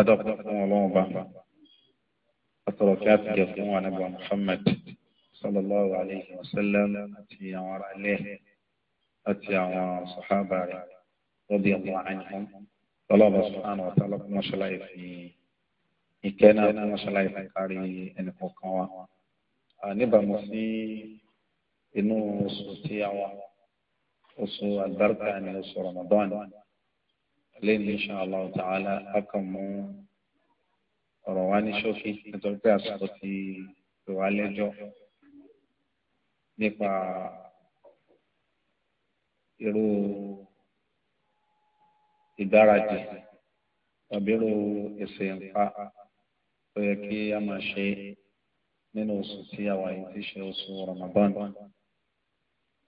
adọ́pọ̀ fún ọlọ́run bá àtọ̀rọ̀ kí á ti jẹ fún ànábì Muhammad sallallahu alayhi wa sallam àti àwọn ará ilé àti àwọn sàhábà rẹ̀ lọ́dí ọmọ àyàn lọ́lọ́bà subhanahu wa ta'ala fún mọ́ṣáláì fi ìkẹ́ náà fún mọ́ṣáláì fi kárí ẹnì kọ̀ọ̀kan wa. níbàámu sí inú oṣù tí àwọn oṣù àlùbáríkà ni oṣù Ramadan lẹ́yìn insha Allah ta'ala akàn mú ọ̀rọ̀ wa ní ṣókí nítorí pé àsìkò ti pè wá lẹ́jọ́ nípa irú ìgbáradì tàbí irú èsè ńpa tó yẹ kí a máa ṣe nínú oṣù tí a wà yìí ti ṣe oṣù Ramadan.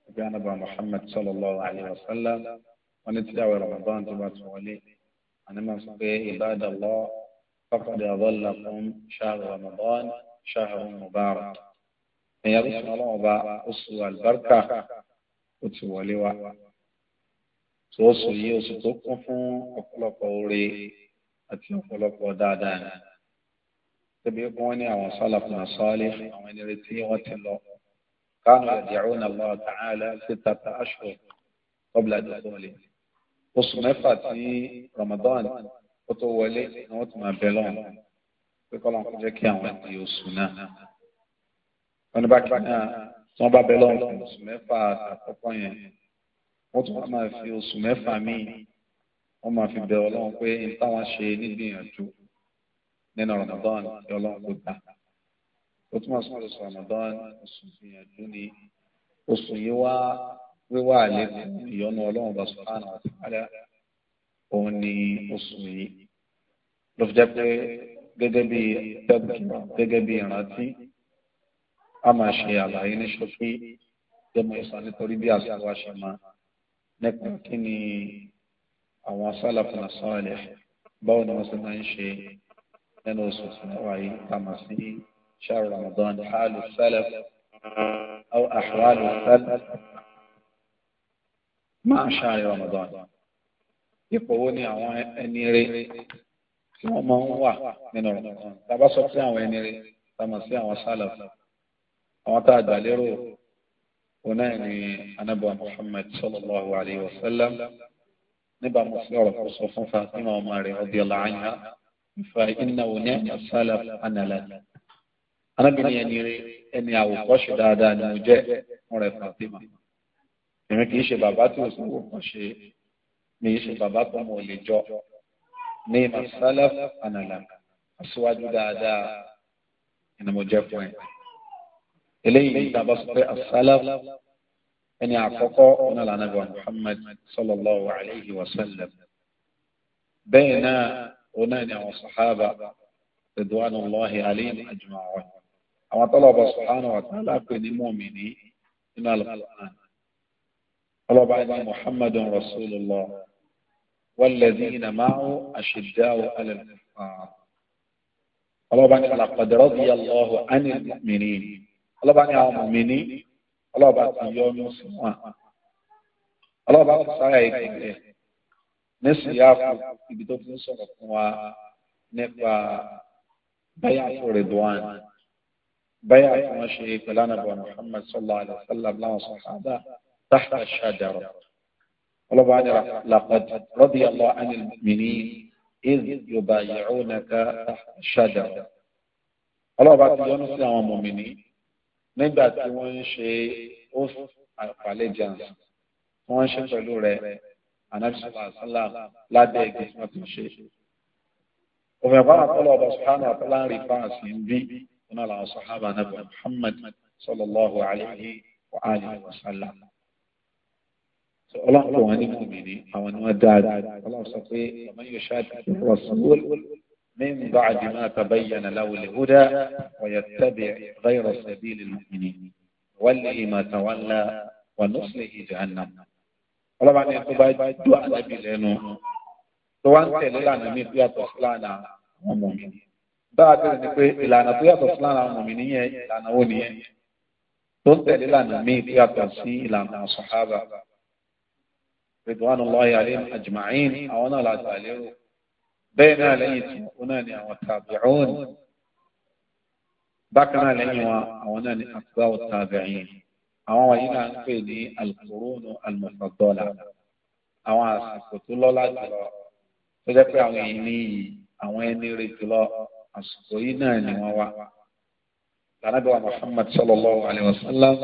Ibi anaba Muhammad sallallahu alayhi wa sallam wọ́n ní tíjáwé Ramadan tó bá ti wọlé àní máa sọ pé ibadallah faqad adhallakum shahru Ramadan shahrun mubarak ẹ̀yà tó sọ̀rọ̀ ọba oṣù àlùbáríkà ó ti wọlé wa tó oṣù yìí oṣù tó kún fún ọ̀pọ̀lọpọ̀ oore àti ọ̀pọ̀lọpọ̀ dáadáa ni tẹbi wọn ní àwọn sálàfù náà sọọlẹ àwọn ẹni tí wọn ti lọ kánú ẹdìyàwó náà lọ tààlà sí tata aṣọ ọbìlà dùkúlẹ oṣù mẹ́fà tí Ramadan ó tó wọlé ni wọ́n ti máa bẹ lọ́wọ́ pé kọ́ máa kó jẹ́ kí àwọn di oṣù náà. wọ́n ní bákan náà tí wọ́n bá bẹ lọ́wọ́ fún oṣù mẹ́fà àkọ́kọ́ yẹn wọ́n tún máa fi oṣù mẹ́fà míì wọ́n máa fi bẹ ọlọ́run pé n táwọn ṣe nígbìyànjú nínú Ramadan kí ọlọ́run kó gbà. ó tún máa sọ Ramadan oṣù gbìyànjú ni oṣù yìí wá wíwá àlékún ìyọ́nú ọlọ́run bá sùpánà àtàlà òun ni oṣù yìí ló fi jẹ́ pé gẹ́gẹ́ bí tẹ́gbìmọ̀ gẹ́gẹ́ bí ìrántí a máa ṣe àlàyé ní ṣókí jẹ́mọ̀ ìsọ nítorí bí àṣà wa ṣe máa nípa kí ni àwọn asálàfin àsọ́ọ̀lẹ̀ báwo ni wọ́n ṣe máa ń ṣe nínú oṣù tí wọ́n wáyé ká máa sí شهر رمضان حال السلف أو أحوال السلف máa ṣáàrẹ Ramadan ipò wo ni àwọn ẹni rẹ tí wọ́n máa ń wà nínú Ramadan tàbá sọ sí àwọn ẹni rẹ tàmọ̀ sí àwọn sálàf àwọn tá a gbà lérò òun náà ni anábọ̀ Muhammad sallallahu alayhi wa sallam níbà mo fi ọ̀rọ̀ sọ fún Fatima ọmọ rẹ̀ radiyallahu anha fa iná wo ní àṣàlà ànàlà anábìnrin ẹni rẹ ẹni àwòkọ́ṣe dáadáa ni mo jẹ́ fún rẹ̀ Fatima èmi kì í ṣe bàbá tí òsùn wò kàn ṣe mi kì í ṣe bàbá tó mọ̀ lè jọ ní masala anala aṣíwájú dáadáa ìnàmọ̀jẹ́ fún ẹ. eléyìí ní tàbá sọ pé asala ẹni àkọ́kọ́ ọ̀nà lànàbà Muhammad sallallahu alayhi wa sallam bẹ́ẹ̀ náà ọ̀nà ni àwọn sàhábà ridwanullahi alayhim ajma'in àwọn tọ́lọ̀ ọba subhanahu wa ta'ala pè ní mọ́mìnì nínú al قال بعد محمد رسول الله والذين معه أشداء على الكفار قال بعد قد رضي الله عن المؤمنين قال بعد المؤمنين قال بعد يوم يسمع قال بعد صحيح نسي يافو يبدو نسمع نقوى بيع رضوان بيع ما شيء فلانا محمد صلى الله عليه وسلم لا صحابه تحت الشجرة ولبعد لقد رضي الله عن المؤمنين إذ يبايعونك تحت الشجرة ọlọ́ọ̀bá ti yọ́nú sí àwọn mọ̀mìnì nígbà tí wọ́n ń ṣe oath of allegiance wọ́n ń ṣe pẹ̀lú rẹ̀ anabisala asala lábẹ́ igi tí wọ́n ti ṣe. òfin àbára tọ́lọ̀ ọba sùhánù àtọ́lá ń rí fáàsì ń bí wọn làwọn sọ̀hábà nàbẹ̀ Muhammad sallallahu alayhi wa alihi wa sallam ọlọ́pàá wọn ní mùmìnì àwọn ni wọ́n dáadáa ọlọ́pàá sọ pé ọmọ yóò ṣáàtì rọ̀sùn من بعد ما تبين له الهدى ويتبع غير سبيل المؤمنين وله ما تولى ونصله جهنم ọlọ́pàá ní ẹ̀kọ́ bá dùn àlábì lẹ́nu tó wá ń tẹ̀lé lànà mi tó yàtọ̀ sí lànà àwọn mùmìnì bá a bẹ̀rẹ̀ ni pé ìlànà tó yàtọ̀ sí lànà àwọn ìlànà wo nìyẹn tó ń tẹ̀lé lànà mi tó sí ìlànà sàhábà ridwan allahi alayhim ajma'in àwọn náà la gbà lérò bẹ́ẹ̀ náà lẹ́yìn tí wọn náà ni àwọn tabi'un bákan náà lẹ́yìn wọn àwọn náà ni àgbà tabi'in àwọn wọ̀nyí náà ń pè ní alukóró alùmọ̀sọ̀dọ́là àwọn àsìkò tó lọ́lá jùlọ tó jẹ́ pé àwọn èyí ní àwọn ẹni rè jùlọ àsìkò yìí náà ni wọ́n wá. Lànàbí wa Muhammad sallallahu alayhi wa sallam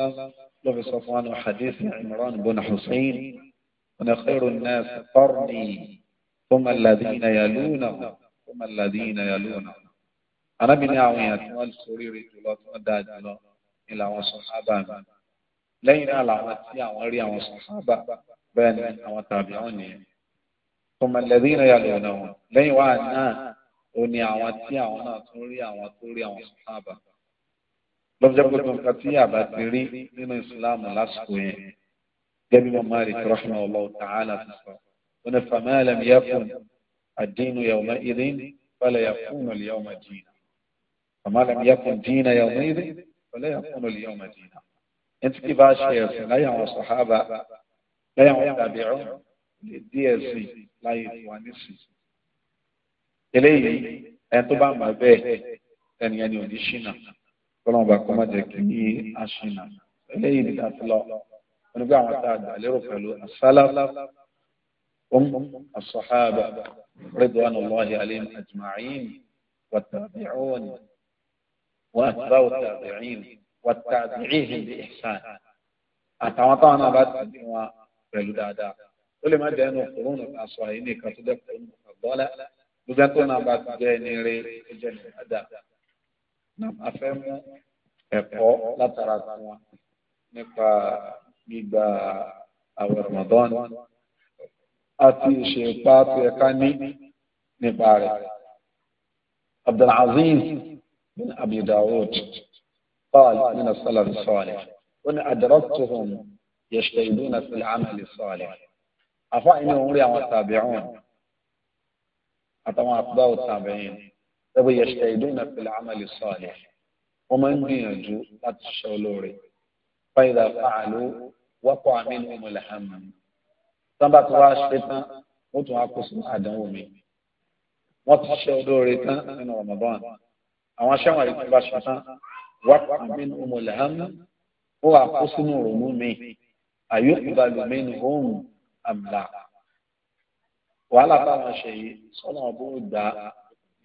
ló fi sọ fún wa ní hadith Imran bin Hussein. ونخير الناس قرني ثم الذين يلونهم ثم الذين يلونهم arábìn ní àwọn èèyàn tí wọ́n sórí rí jùlọ tí wọ́n dáa jùlọ ni làwọn sọ̀hábà mi lẹ́yìn náà làwọn tí àwọn rí àwọn sọ̀hábà bẹ́ẹ̀ ni àwọn tàbí àwọn nìyẹn ثم الذين يلونهم lẹ́yìn wá náà ó ní àwọn tí àwọn náà tún rí àwọn tó rí àwọn sọ̀hábà lọ́jọ́ gbogbo nǹkan tí àbá ti rí nínú ìsìláàmù lásìkò yẹn جابر مالك رحمه الله تعالى فما لم يكن الدين يومئذ فلا يكون اليوم دينا فما لم يكن دين يومئذ فلا يكون اليوم دينا انت كيف اشياء لا يعوى الصحابة لا يعوى التابعون الدي اس سي لا يتواني سي eléyìí ẹni tó bá mà bẹ́ẹ̀ ẹni ẹni ò ní ṣìnà kọ́lọ́mù bá kọ́ má jẹ́ نبقى معتاد على رفع السلف أم الصحابة رضوان الله عليهم أجمعين والتابعون وأتباع التابعين والتابعيهم بإحسان أتعطانا بعد أنه بلدادا كل ما جاءنا قرون الأصحابين كتدف المفضلة لجاتنا بعد جانيري الجنة نعم أفهم إقو لا ترى نقا gbígba او رمضان àti ìṣèpá tó yẹ ká ní nípa rẹ̀ قال من الصلاة الصالح وأن أدركتهم يجتهدون في العمل الصالح أفعل أمري والتابعون أتوا اقضاء التابعين تبي يجتهدون في العمل الصالح ومن يجو لا فإذا فعلوا wọ́pọ̀ àmínú ìmọ̀lẹ̀ hàmà sábà tó wá ṣe tán ó tún wá kó sínú àdánwò mi wọ́n ti ṣe olóore tán nínú Ramadan àwọn aṣáwọn àyíkú bá ṣe tán wọ́pọ̀ àmínú ìmọ̀lẹ̀ hàmà ó wà kó sínú òròmú mi àyè ìbàlùmí ni òun àmìlà wàhálà táwọn ṣe yìí sọ́nà ọ̀bùn ìgbà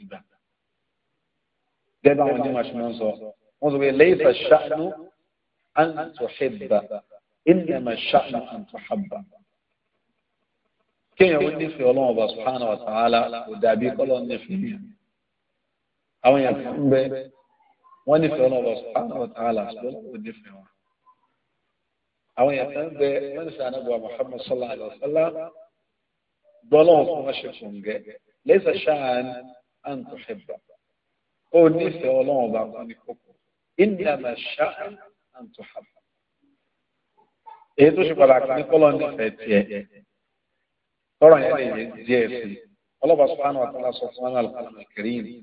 ìgbà gẹ́gẹ́ bá wọn ní màṣí sọ wọ́n sọ pé lẹ́yìn fẹ̀ṣánú àǹtọ̀ṣẹ́bà. إنما شأن أن تحب كي يقول نفي الله سبحانه وتعالى ودابي قال نفي أو يقول بي ونفي الله سبحانه وتعالى ونفي الله أو يقول بي ونسى نبوى محمد صلى الله عليه وسلم دولون فمشكم جي ليس شأن أن تحب قول نفي الله سبحانه وتعالى إنما شأن أن تحب èyí tó ṣe pàtàkì ní kọ́lọ́ nífẹ̀ẹ́ tiẹ̀ tọ́rọ̀ yẹn lè yẹ díẹ̀ sí i ọlọ́ba sọ́kànnà àti aláṣọ fún wọn àlùkò kiri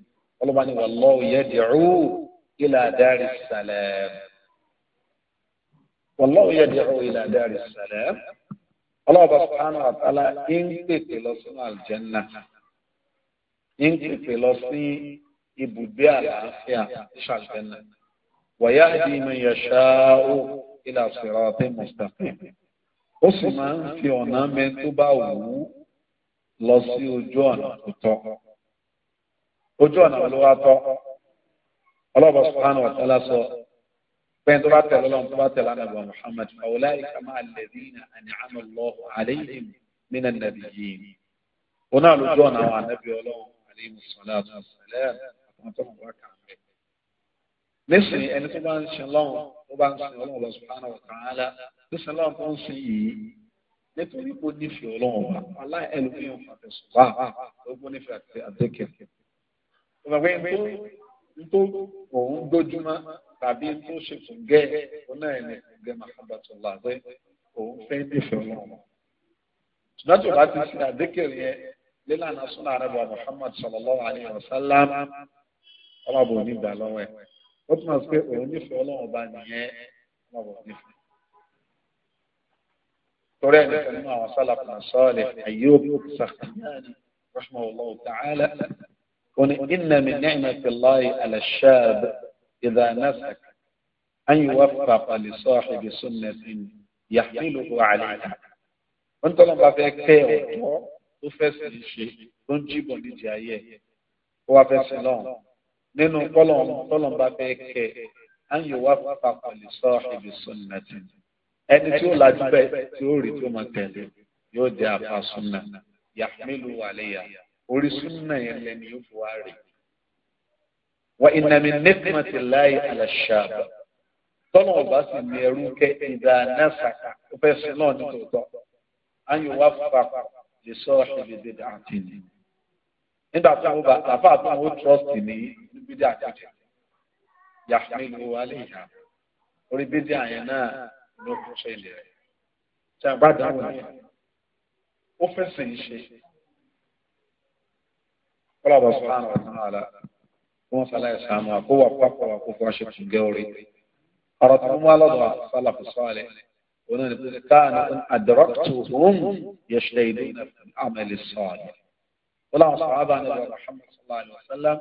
ọlọ́ba ni wallahu yad'u ila daris salam wallahu yad'u ila daris salam ọlọ́ba sọ́kànnà àti alá ń pèpè lọ sínú àlùjẹ́nà ń pèpè lọ sí ibùgbé àlàáfíà ṣàlùjẹ́nà wa yahdi man yasha'u ilà siratin mustaqim ó sì máa ń fi ọ̀nà mẹ́ni tó bá wù ú lọ sí ojú ọ̀nà tó tọ́ ojú ọ̀nà ló wá tọ́ ọlọ́ọ̀bọ̀ subhanahu wa ta'ala sọ pẹ́ẹ́n tó bá tẹ̀lé ọlọ́run tó bá tẹ̀lé anábọ̀ muhammad faulaika ma'a alladhina an'ama Allahu alayhim minan nabiyyin òun náà lójú ọ̀nà àwọn anábì ọlọ́run alayhi salatu wa salam nísìnyí ẹni tó bá ń sin lọ́wọ́ tó bá ń sin ọlọ́wọ́ lọ subhanahu wa ta'ala nísìnyí lọ́wọ́ tó ń sin yìí nítorí kó nífẹ̀ẹ́ ọlọ́wọ́ wa aláì ẹlòmíràn fàtẹ̀sùn wá ó gbọ́ nífẹ̀ẹ́ àtẹ́kẹ́ ọ̀gbẹ́ tó òun dójúmọ́ tàbí tó ṣe fún gẹ́ ọ̀nà ẹ̀ ní gẹ́ mahabatullah pé òun fẹ́ nífẹ̀ẹ́ ọlọ́wọ́ ṣùgbọ́n tó bá ti sin àdékèrè ó túmọ̀ sí pé òun nífẹ̀ẹ́ ọlọ́run ọba nìyẹn ọlọ́run nífẹ̀ẹ́. torí ẹni kan nínú àwọn sálàpù náà sọ́ọ̀lẹ̀ Ayyub Sakhtiyani rahimahullahu ta'ala ó ní inna min ni'mati Allahi ala shab idha nasak an yuwaffaqa li sahibi sunnatin yahmiluhu alayha. ó ń tọ́lọ́ bá fẹ́ kẹ́ ọ̀tọ́ tó fẹ́ sì ṣe tó ń jíbọ̀ nídìí ayé ó wá fẹ́ sí lọ́hùn nínú kọlọm tọlọm bá fẹ́ kẹ an yóò wá papọ̀ lè sọ ibi sunnati ẹni tí ó lajú bẹ́ẹ̀ tí ó rí tó máa tẹ̀lé yóò jẹ́ apá sunna yàmílù àléyà orí sunna yẹn lẹ́ni yóò fi wá rè. wa inna min nikmati llahi tọ́nà ọba sì ní ẹrú kẹ ìdá nẹ́sàkà ó fẹ́ sin náà ní tòótọ́ an wá papọ̀ lè sọ ibi dídá àtìní nígbà tí àwọn bàbá àti àwọn trust ní bídí àjọjẹ yàtúmílù aléyà orí bídí àyẹn náà ló kún ṣe ilẹ̀ rẹ̀ tí a bá dáhùn ní ó fẹsẹ̀ ń ṣe kọlọ́bọ̀ sọ àwọn ọ̀sán àlá wọn sàlàyé sàmù àkówà pápá àkókò aṣèkùn gẹ́ orí ọ̀rọ̀ tí wọ́n wá lọ́dọ̀ sálàfù sọ́ọ̀lẹ̀ wọn káà ní àdọ́rọ́tù òun yẹ wọ́n làwọn sàhábà nílò Muhammad sallallahu alayhi wa sallam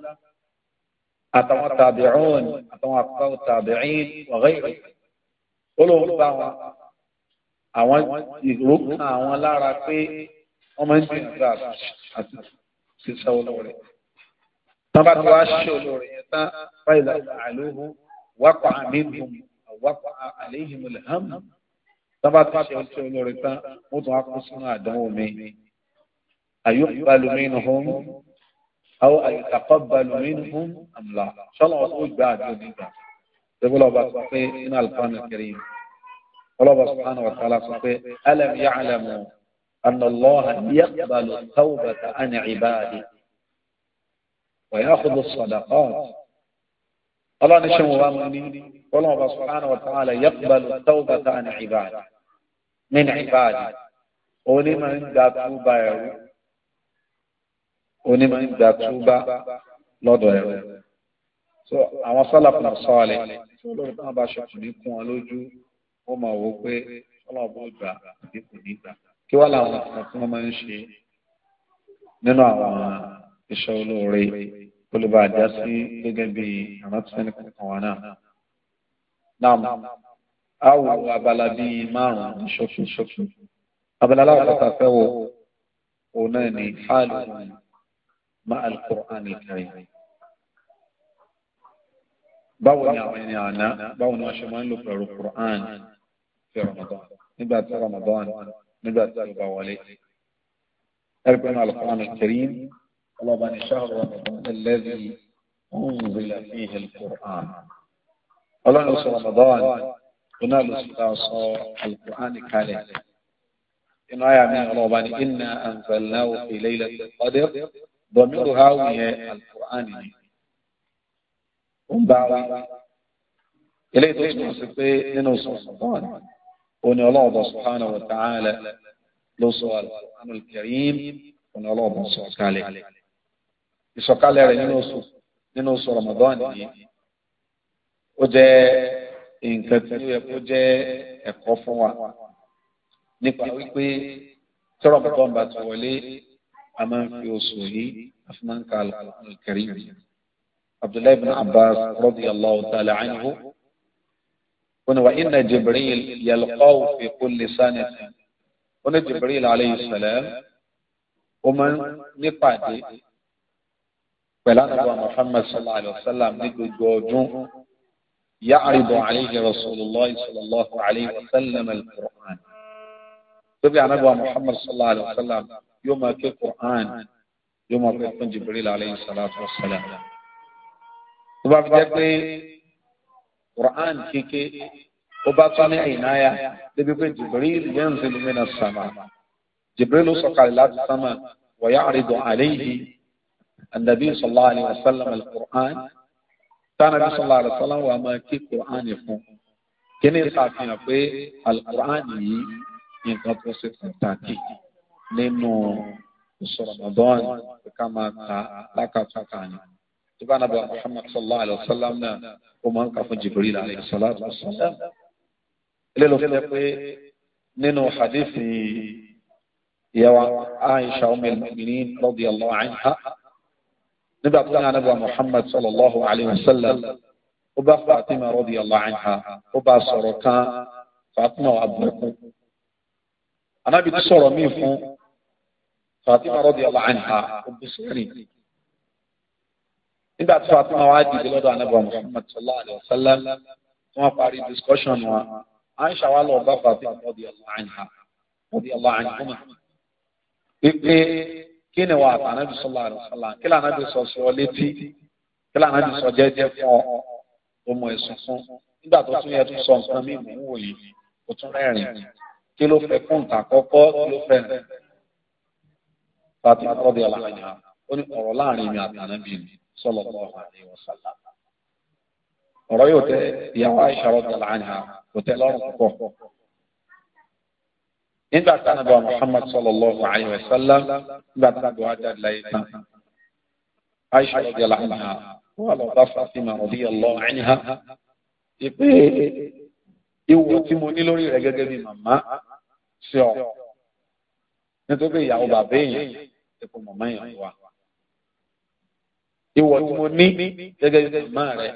àtàwọn tàbíọ́n àtàwọn àkọ́kọ́ tàbíìn wọ̀gẹ́rẹ́ olóhùn bá wọn àwọn ìró àwọn lára pé wọ́n máa ń gbìyànjú àti sísá olóore tán bá ti wá ṣe olóore yẹn tán báyìí àlóhù wákò àmínhùn wákò àléhìmùlẹ̀ hàn tán bá ti ṣe olóore tán wọ́n tún wá kó sínú àdánwò mi. أيقبل منهم أو أيتقبل منهم أم لا إن شاء الله أقول بعد ذلك يقول الله سبحانه من القرآن الكريم الله سبحانه وتعالى سبحانه ألم يعلموا أن الله يقبل التوبة عن عباده ويأخذ الصدقات الله نشم وامني والله سبحانه وتعالى يقبل التوبة عن عباده من عباده ولمن دابوا بايعوا onímọ̀ ìgbà túbá lọ́dọ̀ ẹ̀rọ. so àwọn sálàpù náà sọ alẹ́ tí olórí náà bá ṣọkùn ní kún wọn lójú ó máa wò ó pé ọlọ́ọ̀bù gbà àbí kò ní gbà. kí wọ́n làwọn nǹkan tí wọ́n máa ń ṣe nínú àwọn iṣẹ́ olóore kó lè bá a já sí gẹ́gẹ́ bí ìrántí kankan abala bíi márùn-ún ní ṣókí ṣókí abala aláwọ̀ kọ́ta fẹ́ wo òun náà ní hálù مع القرآن الكريم باون يعني أنا باون ما القرآن في رمضان من بعد رمضان من بعد ذلك أربعنا القرآن الكريم الله بان شهر رمضان الذي أنزل فيه القرآن الله نص رمضان قلنا لصلاص القرآن الكريم إن آية من الله بان إنا أنزلناه في ليلة القدر dọ̀míwò háwù yẹn alukur'ani ni ó ń bá wa eléyìí tó túmọ̀ sí pé nínú sọ̀rọ̀ ó ní ọlọ́ọ̀bọ̀ subhanahu wa ta'ala ló sọ alukur'an al-karim ó ní ọlọ́ọ̀bọ̀ sọ̀kalẹ̀ ìsọ̀kalẹ̀ rẹ̀ nínú oṣù nínú oṣù Ramadan yìí ó jẹ́ nǹkan tí ó yẹ kó jẹ́ ẹ̀kọ́ fún wa nípa wípé tọ́rọ̀ bọ́ọ̀ bá ti wọlé. اما في وصولي افمن قال الكريم عبد الله بن عباس رضي الله تعالى عنه قلنا وان جبريل يلقى في كل سنه قلنا جبريل عليه السلام ومن نقاتي فلا نبوى محمد صلى الله عليه وسلم نقول جوجو يعرض عليه رسول الله صلى الله عليه وسلم القران تبع نبوى محمد صلى الله عليه وسلم yóò máa ké Quran yóò máa ké fún Jibril alayhi salatu wa salam tó bá fi jẹ́ pé Quran kéke ó bá tún ní àyìnáyà débi pé Jibril yanzilu minas sama Jibril sọ̀kalẹ̀ láti sámà wa ya'ridu alayhi an-nabi sallallahu alayhi wa sallam al-Quran tánàbí sallallahu alayhi wa sallam wà máa ké Quran fún kí ni ìsàfihàn pé al-Quran yìí nǹkan tó ṣe pàtàkì nínú oṣù Ramadan ká máa kà lákàtúntà ni. Tíba nàbà Muhammad sallallahu alayhi wa sallam náà ó máa ń kà fún Jibril alayhi salatu wa sallam. Ilé ló fi pé nínú hadithi ìyàwó Aisha Umar Mu'minin radiyallahu anha. Nígbà tó náà nàbà Muhammad sallallahu alayhi wa sallam ó bá Fatima radiyallahu anha ó bá sọ̀rọ̀ kan Fatima wà bẹ̀rẹ̀ Anábì tó sọ̀rọ̀ míì fún. Fatima radiyallahu anha òbúsùnì nígbà tí Fatima wá dìde lọ́dọ̀ anábọ̀ Muhammad sallallahu alayhi wa sallam wọ́n parí discussion wọn Aisha wa lọ bá Fatima radiyallahu anha radiyallahu anhuma wípé kí ni wà àtànábì sallallahu alayhi wa sallam kí lànà bí sọ sí létí kí lànà bí sọ jẹ́jẹ́ fún ọ ọmọ ẹ̀sùn fún nígbà tó tún yẹ tó sọ nǹkan mímu wòye ó tún rẹ́rìn kí ló fẹ́ kún ìtàkọ́kọ́ kí ló fẹ́ nìyẹn fati ọdẹ aláàánú ó ní ọ̀rọ̀ láàrin mi àti ànábì mi sọlọ bọ àlẹ wọsàlá ọ̀rọ̀ yóò tẹ ìyàwó àìsàn ọdẹ aláàánú kò tẹ lọ́rùn púpọ̀ nígbà tí ànábì wa muhammad sọlọ lọ àlẹ wọsàlá nígbà tí ànábì wa jáde láyé tán àìsàn ọdẹ aláàánú wọn lọ bá fatima ọdẹ yàlọ àìní ha ìpè ìwọ tí mo ní lórí rẹ gẹ́gẹ́ bí màmá sí ọ nítorí ìyàwó bàbá èèyàn ipò màmá yẹn wà. ìwọ tí mo ní gẹ́gẹ́ bí màmá rẹ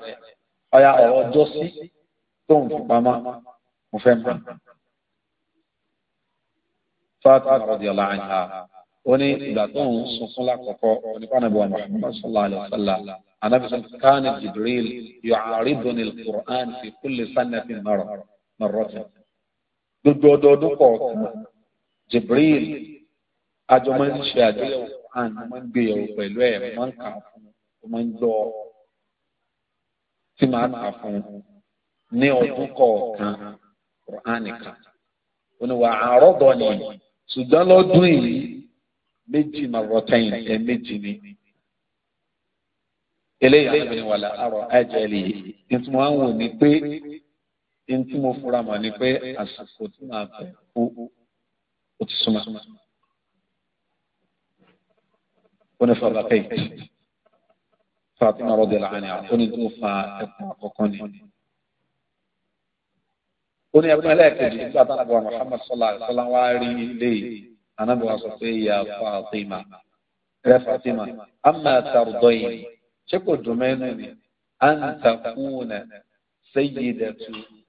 ọ̀yà ọ̀rọ̀ ọjọ́ sí tóun fi pamọ́ mo fẹ́ mọ́. Fatima radiyallahu anha ó ní ìgbà tó ń sunkún lákọ̀ọ́kọ́ onípànàbíwá Muhammad sallallahu alayhi wa sallam anábìsọ kánì Jibril yu'ariduni al-Qur'an fi kulli sannatin marra marratan gbogbo ọdọọdún kọ̀ọ̀kan Jibril àjọ máa ń ṣe àgbéyẹ̀wò kan máa ń gbéyẹ̀wò pẹ̀lú ẹ̀ máa ń kà á fún un máa ń gbọ́ ọ tí màá kà á fún un ní ọdún kọ̀ọ̀kan Kùránì oníwà àrọ́dọ̀ ni ṣùgbọ́n lọ́dún yìí méjì marratayn ẹ̀ méjì ni eléyìí àti ìwà àrọ ajẹlì ntí mo ń wò ní pé ntí mo fura mọ̀ ní pé àsìkò tí màá fẹ́ kú ó ti súnmọ́. ونفر قيت فاطمة رضي الله عنها قوني دوفا قوني قوني أبنى لك إذا طلب محمد صلى الله عليه وسلم وعلي لي أنا بواسطي يا فاطمة يا فاطمة أما ترضين شكو جمعين أن تكون سيدة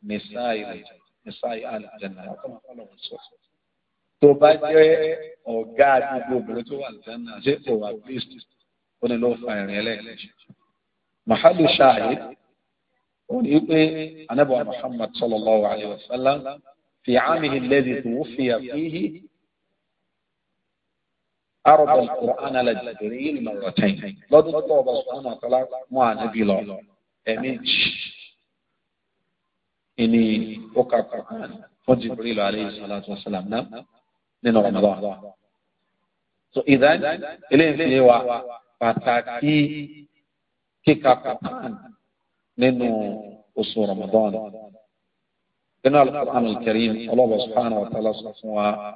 نسائي نسائي آل الجنة tó bá jẹ́ ọ̀gá àdúgbò obìnrin tó wà lẹ́nà ṣé kò wà bíìsì ó ní ló fa ìrìn ẹlẹ́ẹ̀kejì. mahalu ṣáàyè ó ní pé anábọ̀ muhammad sallallahu alayhi wa sallam fi àmìhì lẹ́dí tó fi àfihì arọ̀bọ̀ ìkùrán alàjẹ̀dẹ̀rẹ̀ yìí mọ̀rọ̀tẹ̀yìn lọ́dún tó ọba sọ̀rọ̀ náà tọ́lá mú ànábì lọ ẹ̀mí jì ìní ó kà kùrán fún jibril alayhi wa salam náà nínú Ramadan so ìdán eléyìí fi wa pàtàkì kíka Qur'an nínú oṣù Ramadan nínú Al-Qur'an Al-Karim Allah subhanahu wa ta'ala sọ fún wa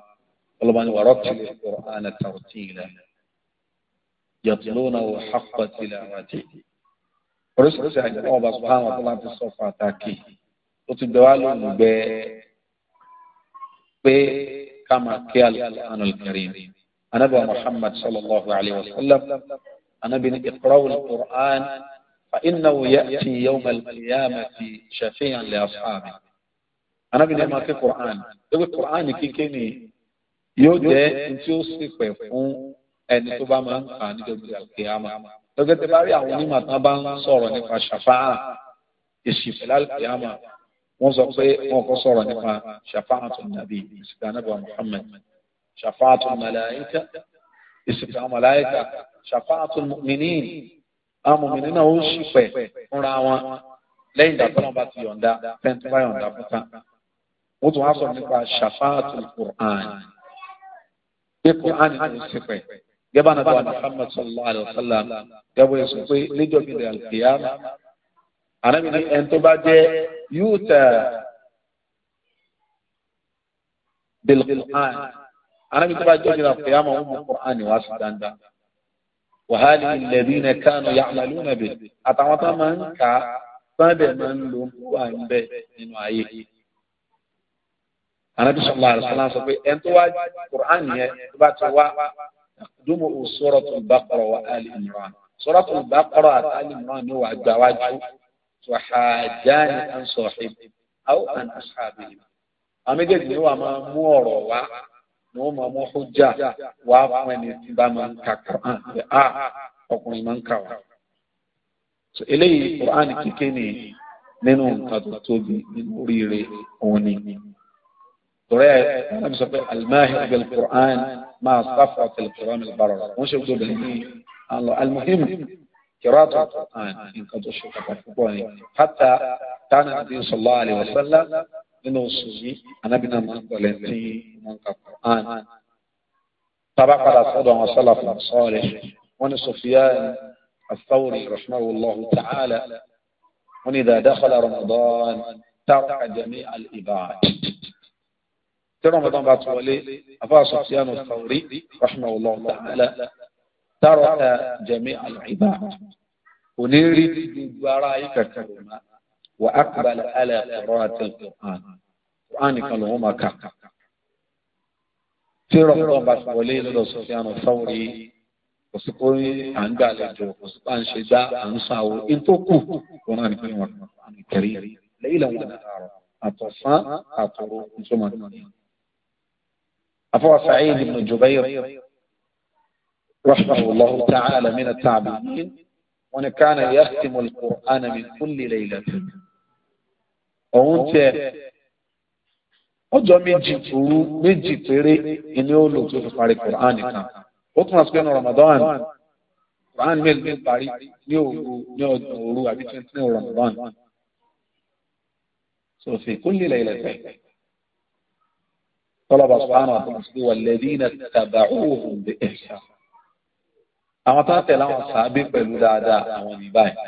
ọlọ́ba ni warattil Al-Qur'ana tartila yatlunahu haqqa tilawatihi oríṣiríṣi àjọ Allah subhanahu wa ti sọ pàtàkì ó ti bẹ wá lóhùn gbẹ pé kama kí al-Qur'an al-Karim anabi muhammad sallallahu alayhi wa sallam anabi ni iqra'u al-Qur'an fa innahu ya'ti yawm al-qiyamati shafi'an li ashabi anabi ni ma kí qur'an ebi qur'an kíkẹ́ ni yóò jẹ́ ntí ó sì pẹ̀ fún ẹni tó bá máa ń kà ní gbogbo al-qiyama lọ́gẹ́tẹ̀ bá rí àwọn onímọ̀ tán bá ń sọ̀rọ̀ nípa ṣàfáà ìṣìfẹ́ lálùkìyàmà wọ́n sọ pé wọ́n kọ́ sọ̀rọ̀ nípa ṣàfáàtù nàbí ìsìnkà anábà Muhammad ṣàfáàtù màláìkà ìsìnkà màláìkà ṣàfáàtù mùmìnín àwọn mùmìnín náà ó sì pẹ̀ fúnra wọn lẹ́yìn ìdàgbọ́n bá ti yọ̀ǹda fẹ́ntì bá yọ̀ǹda fún tán tún wá sọ̀rọ̀ nípa ṣàfáàtù Qur'an pé Qur'an ní sí pẹ̀ gẹ́gẹ́ bá nàbà Muhammad sallallahu alayhi wa sallam gẹ́gẹ́ bó ànábì ní ẹni tó bá jẹ́ yóò tà bilquran ànábì tó bá jẹ́ òjìlá kìyàmà wọn mú quran wá sí dandan wàhálì alladhina kanu ya'maluna bi àtàwọn tó máa ń kà á sábẹ̀ máa ń lo wà ń bẹ̀ nínú ayé. Ànábì sallallahu alaihi wasallam sọ pé ẹni tó wá quran yẹn tó bá ti wá dumu suratul baqara wa ali imran suratul baqara àti ali ni wàá gbà wájú tùhàjáni an sọ̀hìn aw an ashabihi. àwọn méjèèjì ni wọ́n máa mú ọ̀rọ̀ wá ni wọ́n máa mú ọjà wá fún ẹni tí bá máa ń ka Quran pé a ah, ọkùnrin máa ń kà wá. eléyìí Quran kíké ni nínú nǹkan tó tóbi nínú oríire òun ni. torí ẹ ẹ sọ pé al-mahir bil-Quran máa sáfà tẹlifíwọ́n mi bára wọn ṣe gbọdọ̀ ní àlọ́ al-muhim. قراءه القران ان قد اشرك تكفرني حتى كان النبي صلى الله عليه وسلم من وصفي انا بنا من قلتي من القران تبقى رسول الله صلى الله عليه وسلم سفيان الثوري رحمه الله تعالى ون دخل رمضان ترك جميع الاباعات في رمضان بعد سوالي افا سفيان الثوري رحمه الله تعالى tàrọ̀kà jẹ̀mí àlàyébá kò ní rí gbogbo ara ayé kankan ló ma wà á kàbàlà àlẹ́ ọ̀rọ̀ àti ọ̀hán ọ̀hán nìkan ló wọ́n máa kà. tí rọ̀mọ̀rọ̀ bá ti wọlé lọ́dọ̀ Sufyan Thawri kò sí pé à ń gbà àlejò kò sí pé à ń ṣe dá à ń sàwò in tó kù kò náà nìkan wọn kẹrí lẹ́yìn làwọn àtàrọ̀ àtọ̀sán àtọ̀rọ̀ nítorí wọn. àfọwọ́sàáyé ni mo jù báyìí رحمه الله تعالى من التابعين وأن كان يختم القرآن من كل ليلة وأنت ọjọ́ méjì òru méjì péré ni ó lò tó fi parí quran kan ó tún àti pẹ́ẹ́nù ramadan quran mélòó ló parí ní òru ní ọdún òru àbí twenty nine ramadan sọfì kó lílẹ̀ ilẹ̀ fẹ́ tọ́lọ́bà sọ́hánà àti mùsùlùmí wà lẹ́dínà tàbáhùn bẹ́ẹ̀ ṣáà. àwọn tó ń tẹ̀lé àwọn sàábì pẹ̀lú dáadáa àwọn ní báyìí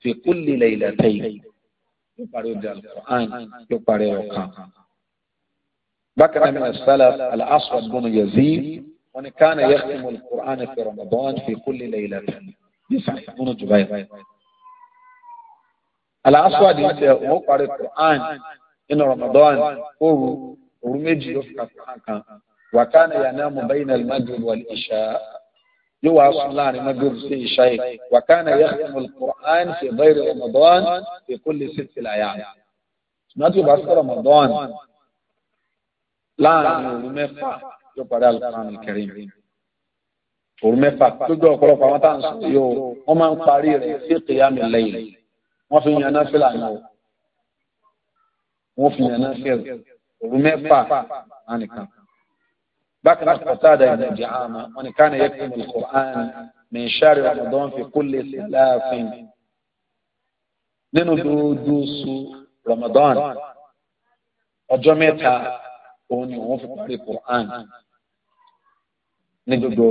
fi kulli laylatayn yóò parí òde alukur'an yóò parí ọ̀kan. بكر من السلف الأسود بن يزيد وإن كان يختم القرآن في رمضان في كل ليلة يسعد بن جبير الأسود يقرأ القرآن إن رمضان أو رمجي يفقى القرآن وكان ينام بين المغرب والعشاء yóò wá sùn láàrin magrib sí ìṣáyé wàkánà yẹ kàmùl qur'an fi bẹ́ẹ̀rẹ̀ ramadan fi kulli sitti láyà ṣùgbọ́n tí o bá sọ ramadan láàrin òru mẹ́fà yóò parí al-Qur'an al-Karim òru mẹ́fà lójú ọ̀pọ̀lọpọ̀ àwọn tá à ń sọ yóò wọ́n máa ń parí rẹ̀ sí qiyamul layl wọ́n fi yan náfìlà yẹn o wọ́n fi yan náfìlà òru mẹ́fà nánìkan bákan náà Qatada ibn Di'ama wọn ni káàní yaktumu al-Qur'an min shahri Ramadan fi kulli silafin nínú dúdú su Ramadan ọjọ́ mẹ́ta òun ni òun fi parí Qur'an ní gbogbo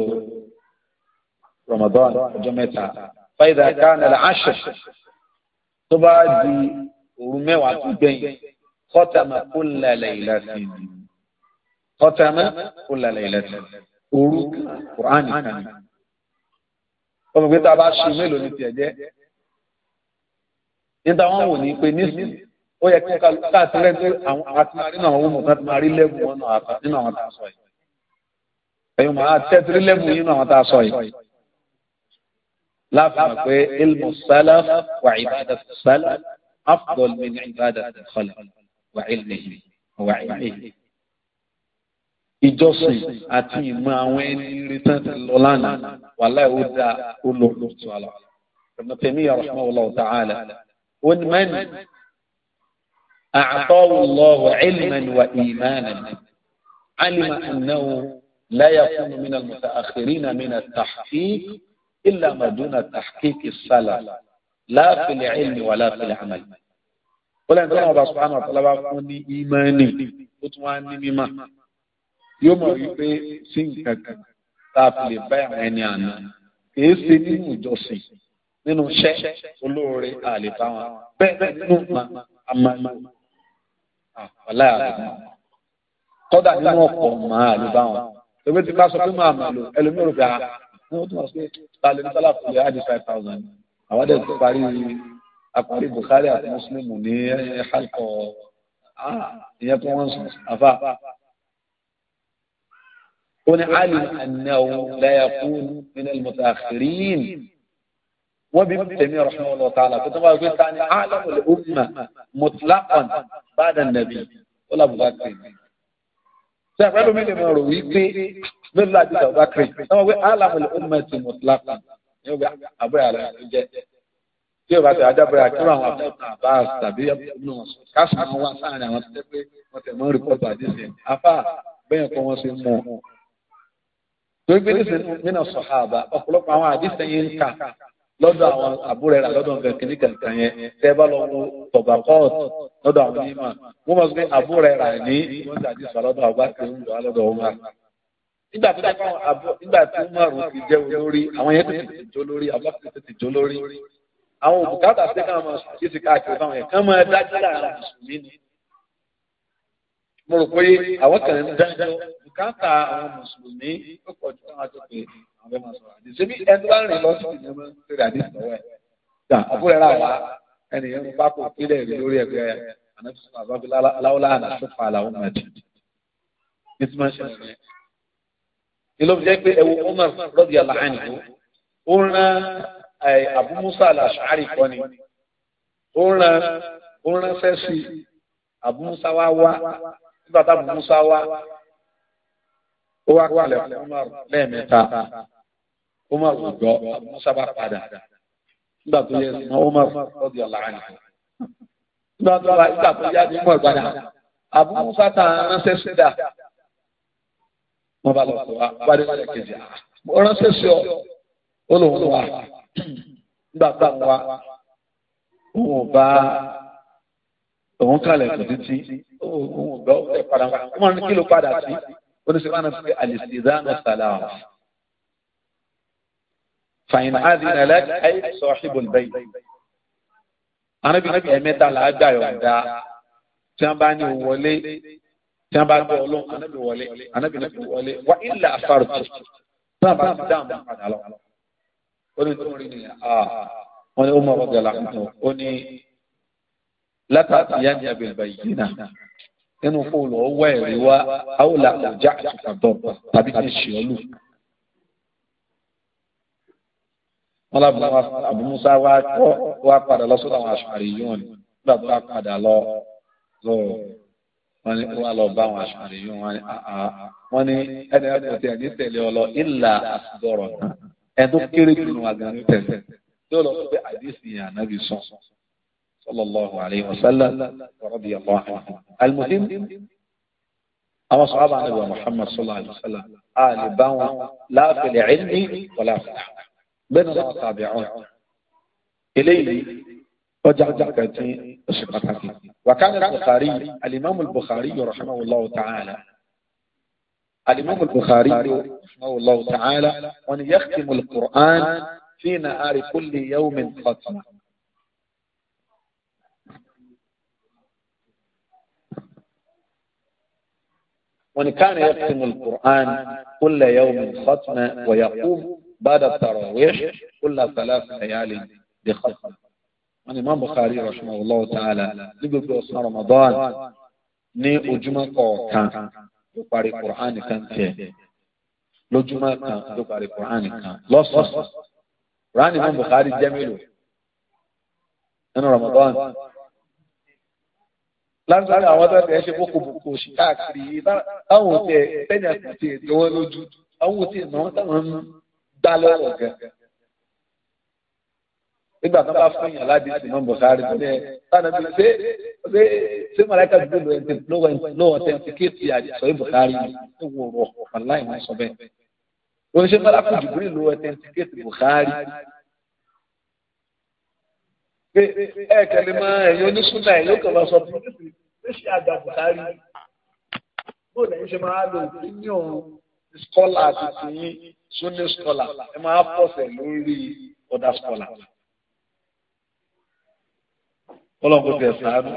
Ramadan ọjọ́ mẹ́ta fàyidà káàní al-ashr tó bá di òru mẹ́wàá tó gbẹ̀yìn khatama kulla laylatin kọ́tàmẹ́ ọ̀làlẹ̀ ìlẹ̀tẹ̀ òru kùránì kan ni. ọmọ ìgbé tá a bá ṣe mélòó ní tiẹ̀ jẹ́ níta wọn wò ní pé nísìnyí ó yẹ kí káàkiri rẹ pé àwọn àti máa rí nínú àwọn ohun kan ti máa rí lẹ́bùn wọn àtà nínú àwọn tá a sọ yìí ẹ̀yin máa tẹ́tìrí lẹ́bùn nínú àwọn tá a sọ yìí láfihàn pé ilmu salaf wà ibadat salaf afdol min ibadat khalaf wà ilmihi wà ilmihi ìjọsìn àti ìmọ̀ àwọn ẹni retán ti lọ lánàá wàláì ó dáa ó lọ lóòtú àlọ́ Ibn Taymiyyah rahimahullahu ta'ala ó ní man a'tahu Allahu 'ilman wa imanan 'alima annahu la yakunu min al-muta'akhkhirin min at-tahqiq illa ma duna at-tahqiq as-salaf la fil 'ilmi wa la fil ó lẹ́yìn tó náà bá subhanahu wa ta'ala fún ní ìmánì ó tún wá ní mímọ́ yóò mọ̀ wípé sí nǹkan kan tá a fi lè bá àwọn ẹni àná kìí ṣe nínú ìjọsìn nínú iṣẹ́ olóore àlè táwọn bẹ́ẹ̀ nínú àmàlà àpàlà àlè kọ́dà nínú ọ̀pọ̀ màá àlè báwọn tòbí ti bá sọ pé máa màlò ẹlòmíràn rò pé a ah, ní wọ́n pé ta lè sálà fún yà á five thousand àwọn dẹ̀ ti parí àparí Bukhari àti Muslim ní ẹ̀ẹ́dẹ́gbẹ̀rún ah, ìyẹn tó wọ́n sùn àfa wọn alim annahu la yakunu min al-mutakhirin wọn bí tẹmí rahimahullah ta'ala kó tó bá gbé sani alamu al-umma mutlaqan ba'da an-nabi ó làbù bá kiri ṣe àpẹẹrẹ mi lè mọ ọ̀rọ̀ wípé lórí láti sọ bá kiri ṣe wọn gbé alamu al-umma ti mutlaqan ní ọgbà àbúrò àlọ ìjẹ tí o bá tẹ adábọ̀rẹ́ àkúrò àwọn àbúrò àbáàs tàbí ẹ̀bùnú káṣù àwọn wá sáàrin àwọn tẹ́tẹ́ pé wọ́n tẹ̀ mọ́ rìpọ́tù àdìsẹ́ afá bẹ́ẹ̀ kọ́ wọ́n ṣe mú un torí pé nísìn nínú sọ̀hábà ọ̀pọ̀lọpọ̀ àwọn àdìsẹ́ yẹn ń kà lọ́dọ̀ àwọn àbúrò ẹ̀rà lọ́dọ̀ nǹkan kìíní kankan yẹn tẹ́ bá lọ wo tọ̀gbà court lọ́dọ̀ àwọn onímọ̀ wọ́n mọ̀ pé àbúrò ẹ̀rà ní wọ́n ti àdìsọ lọ́dọ̀ ọgbà tí ó ń lọ lọ́dọ̀ Umar. nígbà tó dákọ̀ nígbà tí Umar ti jẹ́ olórí àwọn mo rò pé àwọn kan ń dájọ́ bùkátà àwọn mùsùlùmí ó pọ̀ ju àwọn àjọ pé àwọn bẹ́ẹ̀ máa sọ̀rọ̀ àdé ṣé bí ẹni bá rìn lọ sí ìyẹn máa ń tẹ̀lé àdé ìtọ́wọ́ ẹ̀ gbà àbúrò rà wá ẹnìyẹn ń pápò kílẹ̀ rí lórí ẹgbẹ́ ànáfíìsì àbábí láwùlá ànáfíìsì àlàó máa dì ní tí máa ń ṣẹlẹ̀ rẹ̀. ìlú jẹ́ pé ẹ̀wù Umar rọ́bì aláhánì ó rán Abu Musa al-Ash'ari kọ́ni ó rán ó ránṣẹ́ Abu Musa nígbà táwọn Musa wá ó wá kalẹ̀ fún Umar lẹ́ẹ̀mẹ́ta Umar kò gbọ́ Musa bá padà nígbà tó yẹ sọ Umar lọ́dí ọ̀la àná nígbà tó wá nígbà tó yá ni Umar padà Abu Musa ta ránṣẹ́ sídà wọ́n bá lọ sọ wá ah, wá dé wálé kejì ah, ránṣẹ́ sí ọ ó lòun wá nígbà tó wá òun ò bá òun kàlẹ̀ kù títí òun gbọ́ ẹ̀ padà wọ́n máa ń kí ló padà sí oníṣẹ́ máa ń fi àlìsìdánù sàlámù. fàyìn àdínà lẹ́kì ayé sọ ṣíbò lẹ́yìn. arábìnrin ẹ̀mẹ́ta là yọ̀ǹda tí wọ́n bá ní wọlé tí wọ́n bá gbọ́ ọlọ́run anábì wọlé anábìnrin fi wọlé wà ilà àfàrùtù tí wọ́n bá ti dáàmú padà lọ. ó ní tó ń rí ni ah. wọ́n ní ó mọ̀ ọ́ látàtì yá ni àbẹ̀bà yìí nà nínú kó lọ wá ẹ̀rí wá àwòlà ọjà àtàtọ̀ tàbí ti ṣì ọ́ lù. wọn lábùmọ́ àbùmúsá wa kọ́ wa padà lọ sọ́dọ̀ àwọn aṣọ àríyìn wọn nígbà tó wá padà lọ lọ wọn ni wọn lọ bá àwọn aṣọ àríyìn wọn ni wọn ni ẹni ẹni ọtí ẹni tẹ̀lé ọ lọ ìlà àtúbọrọ náà ẹni tó kéré jù nù àgbà tẹ̀lé yóò lọ sọ pé àdìsí yẹn ànábì sọ. صلى الله عليه وسلم ورضي الله عنه المهم أما صحابة نبي محمد صلى الله عليه وسلم آل باون لا في العلم ولا في الحق بين تابعون إليه وجه جاكتي وشقتك وكان البخاري الإمام البخاري رحمه الله تعالى الإمام البخاري رحمه الله تعالى وأن يختم القرآن في نهار كل يوم ختمه وإن كان يختم القرآن كل يوم ختمة ويقوم بعد التراويح كل ثلاث ليال بختمة وإن امام بخاري رحمه الله تعالى لقب أصحاب رمضان ني اجمع kọ̀ọ̀kan ló قران كان kan لو جمع كان ló قران كان kan lọ́sàn-án Qur'an Imam Bukhari jẹ́ mélòó lásán àwọn tó ti ẹ ṣe boko boko ṣì káàkiri táwọn tẹ tẹni àti ètò wọn lójú àwọn tí ìnáwó táwọn ń gbá lọ́wọ́ gẹ̀. nígbà tó bá fún yàn láti ìsìn náà bọ̀sáré tó dẹ̀ sáà bí ṣé ṣé ṣé màláìka gbogbo ẹ̀ lọ́wọ́ tẹ̀ ń ké ti àdìsọ́ ìbọ̀sáré ní wòrò ọ̀pọ̀láì wọn sọ bẹ́ẹ̀. oníṣẹ́ màláìka jùlọ ìlú ẹ kẹlẹ máa ẹyin ẹ yóò kàn sọ fún mi ó ṣe àgbà Buhari bó lẹ́yìn ṣe máa lo opinion scholar àti tìyín sunni scholar ẹ máa pọ̀sẹ̀ lórí other scholar. Kọ́lọ́kù tẹ̀ sáánú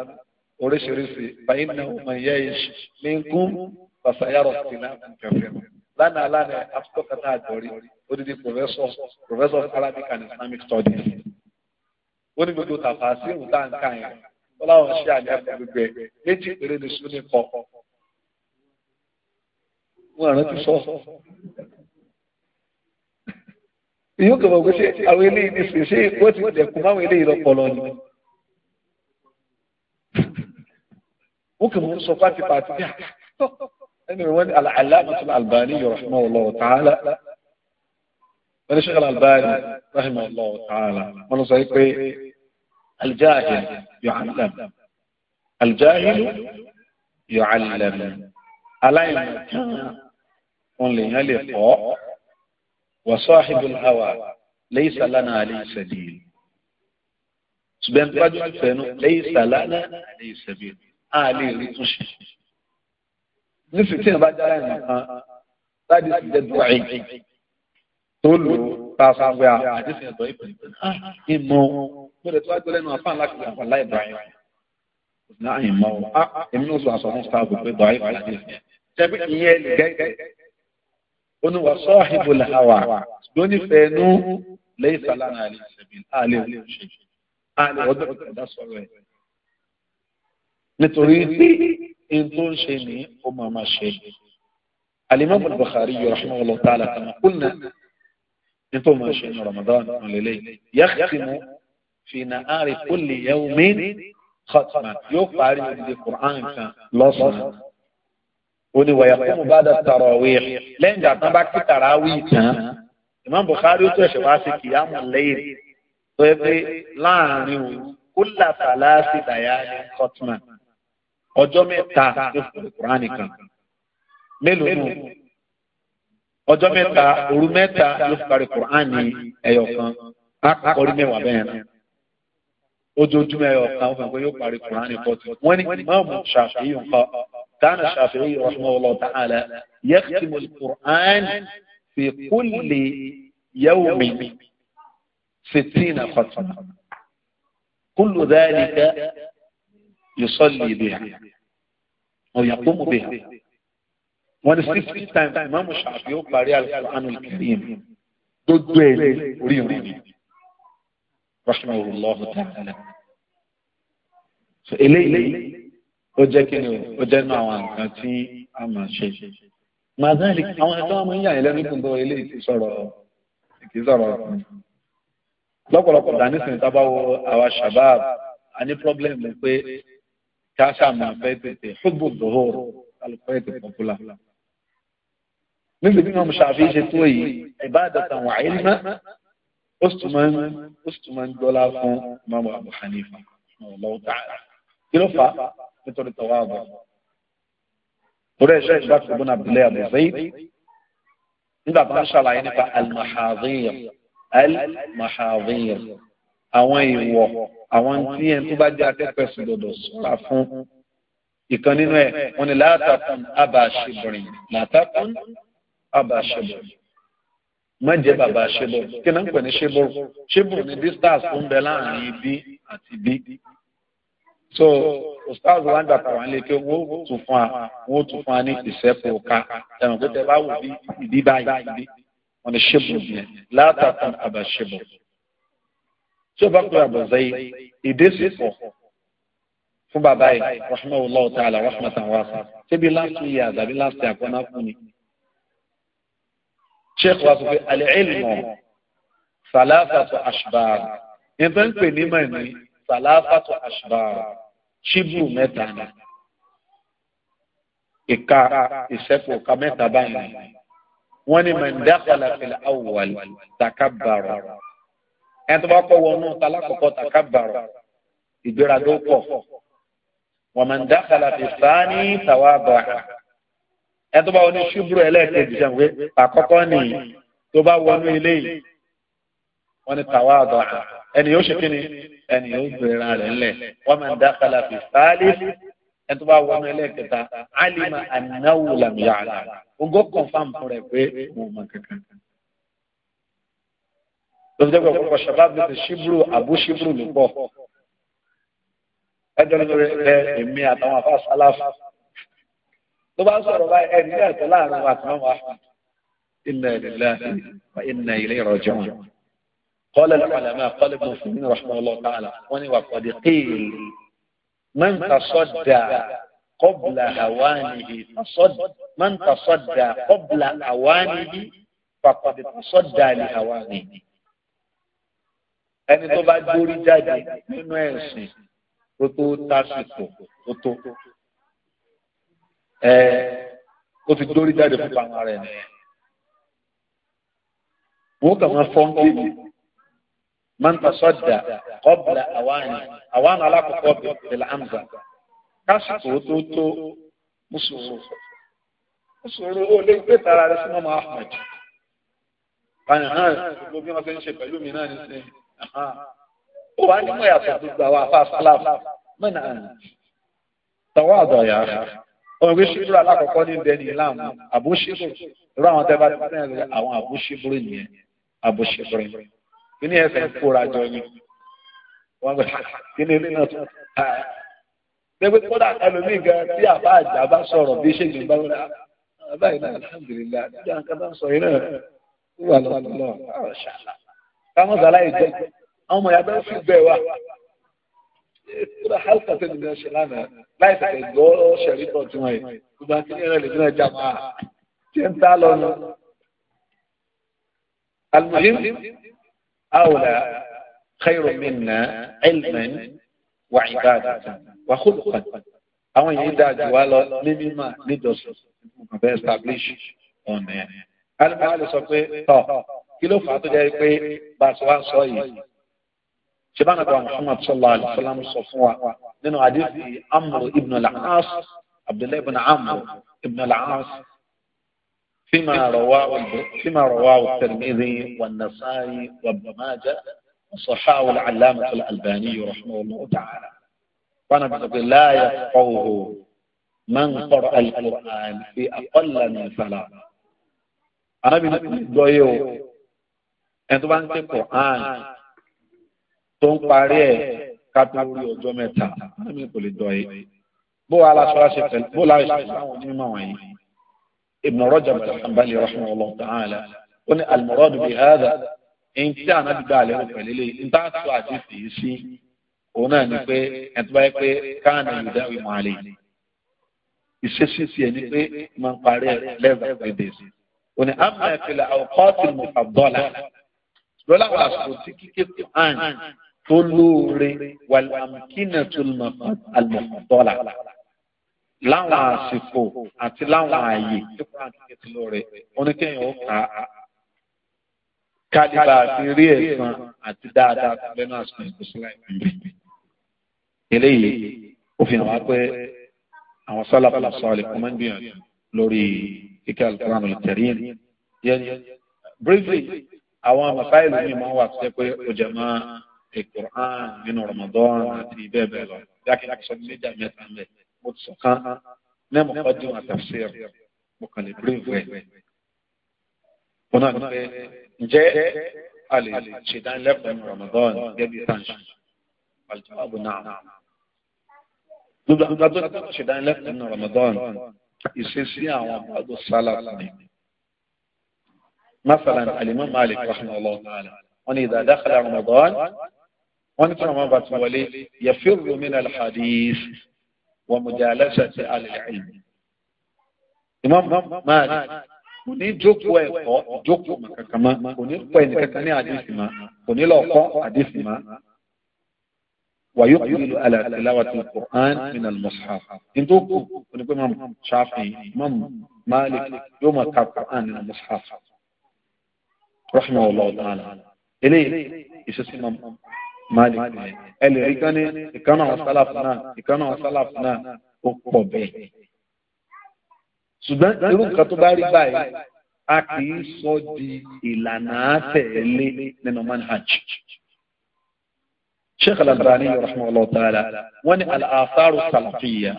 oríṣiríṣi báyìí náà ó máa yẹ iṣu ní nkún pàṣẹyàrọ̀ sí náà kẹfẹ́. Lánàá lánàá àtúntò kata àjọrí odidi professor professor of Arabic and Islamic studies. Ó ní gbogbo tàfà sí ìhùn tá à ń kà yẹn wọ́n láwọn ṣe àní ẹ̀fọ́ gbígbẹ méjì péré ni sún ní kọ. wọn àrùn ti sọ. ìyóò kẹfọ pé ṣé àwọn eléyìí ní ṣèṣe wọ́n ti dẹ̀kun máwọn eléyìí lọ́pọ̀lọ́ ni. wọ́n kẹfọ sọ pàtì pàtì bí ẹni wọ́n ní al-Allamatul Albani rahimahullah ta'ala wọ́n ní Sheikh al-Albani rahimahullah ta'ala wọ́n sọ الجاهل يعلم الجاهل يعلم ألا أولي يلقى وصاحب الهوى ليس لنا عليه سبيل سبين رجل فينو ليس لنا عليه سبيل آلي آه، رتوش نفتين بعد ذلك مقام ثالث جد وعيد تقول tá a sọ pé àdéhùn uh-huh. ẹ̀dọ́ Ibrahim ah ìmọ̀ gbọ́dọ̀ tó wá gbọ́dọ̀ ẹnu àfáà láti gbà wà láì Ibrahim náà ìmọ̀ ah èmi náà sọ àṣọ fún sáàbù pé bọ̀ àìfà láti rẹ̀ jẹ́bi ìyẹn gẹ́gẹ́ oníwà sọ àhìbò làwà lónífẹ̀ẹ́nu lẹ́yìn sàlánà àlè ìṣẹ̀bí àlè òṣèlú àlè ọdún ọ̀dà sọ̀rọ̀ ẹ̀ nítorí pé in tó ń ṣe ní ó máa máa ṣe Al-Imam Al-Bukhari rahimahullah ta'ala kama kunna nítorí mo ṣe ní Ramadan ọ̀lẹ́lẹ́ yàtìmù fìnà àárẹ̀ kó lè yẹ omi khatman yóò parí ìdíje Qur'an kan lọ́sàn-án ó ní wàyà fún mi bá dà tarawih lẹ́yìn ìgbà tán bá kí tarawih tán Imam Bukhari ó tún ẹ̀ṣẹ̀ wá sí kìyàmù lẹ́yìn tó yẹ pé láàrin òun kó làtàlá sí dàyà ní khatman ọjọ́ mẹ́ta ló fi Qur'an kan mélòó nù. ọjọ́ mẹ́ta òru mẹ́ta ló fi parí kùránì ẹyọ kan akọrí mẹ́wàá bẹ́ẹ̀ náà ojoojúmọ́ ẹyọ kan ó fẹ́ pé yóò parí kùránì pọ̀tù wọ́n ní ìmáàmù Ṣàfi'í nǹkan dáná Ṣàfi'í rahimahullahu ta'ala yakhtimu al-Qur'an fi kulli yawmin sittina khatma kullu dhalika yusalli biha aw yaqumu biha. wọ́n ní sixty times ìmáàmù ṣàfi ó parí alukur'an kìrìm gbogbo ẹ̀ orí orí ni rahmatulahu ta'ala so eléyìí ó jẹ́ kí ni ó jẹ́ nínú àwọn nǹkan tí a máa ṣe mazali àwọn ẹ̀tọ́ wọn máa ń yà yín lẹ́nu ìkùntọ eléyìí ti sọ̀rọ̀ kì í sọ̀rọ̀ lọ́pọ̀lọpọ̀ dání sìn tábà wo àwa shabab a ní problem pé káṣá máa fẹ́ tètè ṣùgbọ́n dòhó alùpàá ètò níbi bí wọn ṣàfi ṣe tó yìí ìbádàtà wà ilmá ó sì tún máa ń dọ́là fún Imam Abu Hanifa Allahu ta'ala kí ló fà á nítorí tọ́wọ́ àbọ̀ torí ẹ̀ṣọ́ ìṣàkóso ìbọn abdullahi abu zayd nígbà tó ń ṣàlàyé nípa al-mahadhir al-mahadhir àwọn ìwọ̀ àwọn tí ẹni tó bá jẹ́ akẹ́kọ̀ọ́ ẹ̀sìn gbọ́dọ̀ sọ́ra fún ìkan nínú ẹ̀ wọn ni látàkùn abàṣìbìrìn látàkùn àbá ṣebọ̀ má jẹ́ bàbá ṣebọ̀ kí náà ń pè ní ṣebọ̀ ṣebọ̀ ní distance tó ń bẹ láàrin ibi àti ibi so ustaz wa ń gbà tàwọn ilé kí wọn ó tún fún wa wọn ó tún fún wa ní ìṣẹ́pọ̀ ọ̀ka ẹ̀rọ pé tẹ bá wò bí ìdí báyìí ìdí wọn ni ṣebọ̀ yẹn látàkùn àbá ṣebọ̀ tí o bá kúrò àbọ̀zẹ́ yìí ìdí sì pọ̀ fún bàbá yìí rahmanulahu ta'ala rahmatan wasa ṣébi last year àbí last year àkọ́nà fún ni sheikh wa sọ pé al-ilmu salafatu ashbar nǹkan pè ní mọ̀ ní salafatu ashbar chibu mẹ́ta ni ìka ìṣẹ́kù ka mẹ́ta báyìí wọ́n ní man dakhala fil awwal takabbara ẹni tó bá kọ́ wọnú talakọ̀kọ́ takabbara ìgbéraga ó pọ̀ wa man dakhala fis thani tawaba'a ẹni tó bá wọnú ṣubúrú ẹlẹ́ẹ̀kejì sẹ́wọ̀n pé àkọ́kọ́ nìyí tó bá wọnú ilé yìí wọ́n ní tàwa àdọ̀ ẹni yóò ṣe kíni ẹni yóò gbèrà rẹ̀ ńlẹ̀ wọ́n máa ń dá kálá fi sáálí ẹni tó bá wọnú ẹlẹ́ẹ̀kẹta alima anáwó làmìyà àlà ogó kọ̀ǹfàm fún rẹ̀ pé mo mọ̀ kankan. lọ́sọ̀dọ̀ pé ọ̀pọ̀ ṣàbábí ti ṣíbúrú àbú ṣíbúrú ló pọ̀ ẹ èmi àtàwọn afáṣálàfà tó bá sọ̀rọ̀ báyìí ẹ̀rí ní ẹ̀tọ́ láàrin wa tí wọ́n wá inna lillahi wa inna ilayhi raji'un. qala al-ulama qala al-muslimin rahimahullah ta'ala wọ́n ní wà qad qila man tasadda qabla hawanihi man tasadda qabla hawanihi faqad tasadda li hawanihi. ẹni tó bá gbórí jáde nínú ẹ̀sìn tó tó tásìkò tó tó ẹ ó ti dórí jáde fún pàmò rẹ nìyẹn wọ́n kàn máa fọ́n kébì máa ń ta sọ́dà kọ́bìlà àwáàní àwáàní alákọ̀ọ́kọ́ bẹ̀rẹ̀ àmza káṣíkò tó tó mùsùlùmí mùsùlùmí ó lè gbé tara rẹ sínú ọmọ Ahmed báyìí hàn gbogbo bí wọ́n fẹ́ ń ṣe pẹ̀lú mi náà nísìnyí ó wà nínú ìyàtọ̀ gbogbo àwọn afáfáláfù mẹ́nà tọwọ́ àdọ̀ ọ̀rọ̀ pé ṣíbúrò alákọ̀ọ́kọ́ ní bẹ́ẹ̀ ní ìlànà àbúṣíbúrò irú àwọn tẹ́ bá ti sẹ́yìn lórí àwọn àbúṣíbúrò nìyẹn àbúṣíbúrò kíní ẹ̀sẹ̀ ń kóra jọ ni wọ́n gbé kíní ilé náà tó pé kódà ẹlòmíì gan tí àbá àjà bá sọ̀rọ̀ bí ṣe ìgbìmọ̀ bá wọn àbá ìlà alhamdulillah nígbà kan bá ń sọ iná wà lọ́wọ́ lọ́wọ́ ṣàlà káwọn sàlàyé jẹ àwọn ọmọ yàtọ̀ sí bẹ́ẹ̀ wà kódà hálùkà tẹ́lẹ̀ ní ọ̀ṣẹ̀ lánàá láì tẹ̀lé gbọ́ ṣẹ̀rí pọ̀ tí wọ́n yìí gbogbo akínyìn rẹ̀ lè dín ẹja máa tí ń ta lọ́nu. almuhim awla khayru minna ilman wa ibadatan wa khuluqan àwọn yìí dáa jù wá lọ ní mímọ́ níjọsìn mo establish ọ̀nà ẹ̀. sọ pé tọ̀ kí ló fà á tó jẹ́ pé bàṣọ wa sọ yìí. شبان أبو محمد صلى الله عليه وسلم صفوا لأنه حديث عمرو بن العاص عبد الله بن عمرو بن العاص فيما رواه فيما رواه الترمذي والنسائي وابن ماجه وصححه العلامة الألباني رحمه الله تعالى وأنا بقول لا يفقهه من قرأ القرآن في أقل من ثلاثة أنا بقول له أنت بقول القرآن tó ń parí ẹ̀ kátó orí ọjọ́ mẹ́ta ẹ̀mí kò lè dọ̀ yìí bó wa la sọ́ra ṣe pẹ̀lú bó la ṣe láwọn onímọ̀ wọ̀nyí Ibn Rajab al-Hanbali rahimahullahu ta'ala ó ní al-muradu bi hadha ẹni tí ànábi gbà lẹ́nu pẹ̀lú ilé ní táà tó àti fì í sí òun náà ni pé ẹni tó bá yẹ pé káàna yudawi ma'ali ìṣesí sí ẹ ní pé máa ń parí ẹ lẹ́ẹ̀bà ó ní tó lóore wàlámkínàtúlmọ̀ àlùmọ̀tọ́là láwọn àsìkò àti láwọn ààyè tó kàn ti ti lóore oníkẹ́yìn ó kà á kálíbà àti rí ẹ̀sán àti dáadáa tó lẹ́nu àsìkò ìgbésílẹ̀ ìgbésílẹ̀ eléyìí ó fi hàn wá pé àwọn sálàpàlà sọ̀rọ̀ kò máa ń gbìyànjú lórí kíkẹ́ alukóran olùtẹ̀rín yẹn briefly àwọn àmàfáìlì mi máa ń wà pé ó jẹ máa. القرآن من رمضان في باب لكن أكثر من جامعة أمي متسقاء نعم قدم تفسير مقلب ريفي هناك جاء علي شدان لفظ من رمضان جابي تانش الجواب نعم نبدأ نبدأ شدان لفظ من رمضان يسيسي عن بعض الصلاة مثلا الإمام مالك رحمه الله تعالى وإذا دخل رمضان wọ́n ní sọ̀rọ̀ wọn bá ti wọlé yafirru min al-hadith wa mujalasati al-ilm. Imam Malik kò ní jókòó ẹ̀kọ́ jókòó màkàkàmá kò ní pẹ́ nìkankan ní àdìsí ma kò ní lọ́ọ̀kọ́ àdìsí ma. ويقبل على تلاوة القرآن من المصحف انتو نقول امام شافعي امام مالك يوم كتاب القرآن من المصحف رحمه الله تعالى إليه يسمى Malik nìyẹn ẹ lè rí kán ní ìkànnà àwọn sálàfù náà ìkànnà àwọn sálàfù náà ó pọ̀ bẹ́ẹ̀. ṣùgbọ́n irú nǹkan tó bá rí báyìí a kì í sọ di ìlànà àtẹ̀lé nínú manhaj. Sheikh Al-Albani rahimahullah ta'ala wọ́n ní al-atharu salafiyya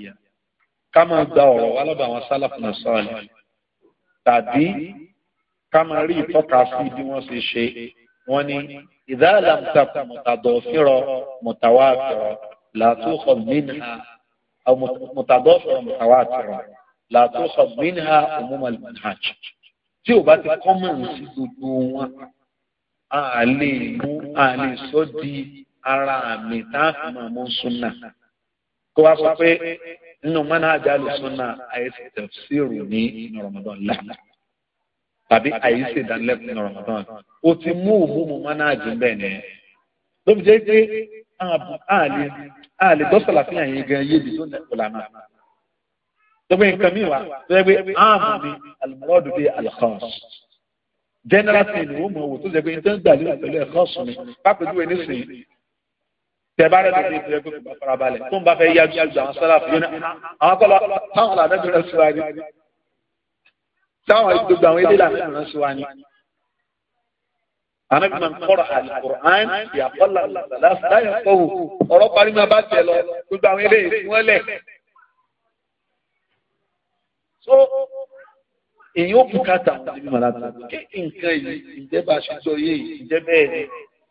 ká máa gba ọ̀rọ̀ wa lọ́dọ̀ àwọn sálàfù náà sọ́ọ̀lì tàbí ká máa rí ìtọ́ka sí bí wọ́n ṣe ṣe wọ́n ní. إذا لم تكن متضافرة متوافرة لا تؤخذ منها أو متضافرة متواترة لا تؤخذ منها عموم المنهج tí o bá ti kọ́mọ̀ sí gbogbo wọn a lè mú a lè sọ di ara mi tá máa mú súnà kó wá sọ pé nínú mọ́nà àjálù súnà àìsí tẹ̀síìrù ní Ramadan lánàá tàbí àyíṣe ìdánilẹ́kùn ní Ramadan o ti mú òmùmù mánáàjì ń bẹ̀ nìyẹn ló fi jẹ́ pé a lè gbọ́ sàlàfíà yẹn gan yé ibi tó nà ẹ̀kọ́ lánàá tọ́gbẹ́ nǹkan mi wá tó pé áàmù ni alimọ́dù bíi alikọ́s general thing ni wọ́n mọ̀ wò tó jẹ́ pé n tẹ́ ń gbà pẹ̀lú ẹ̀kọ́ mi pápẹ́júwe nísìnyí tẹ̀bárẹ̀ tó ti tẹ̀ gbogbo tó ń bá fẹ́ yájú àwọn sálàfù yóná táwọn gbogbo àwọn ilé làwọn ìlànà sí wa ni. Ànábì máa ń kọ́rọ̀ Al-Qur'an ìyàkọ́lá láyé fọ́wù ọ̀rọ̀ parí máa bá tẹ̀ lọ gbogbo àwọn ilé ìfún ẹlẹ̀. So èyí ó bùkátà àwọn ibi màlá tó kí nǹkan yìí ìjẹ́ bá ṣe jọ yé yìí ìjẹ́ bẹ́ẹ̀ ni.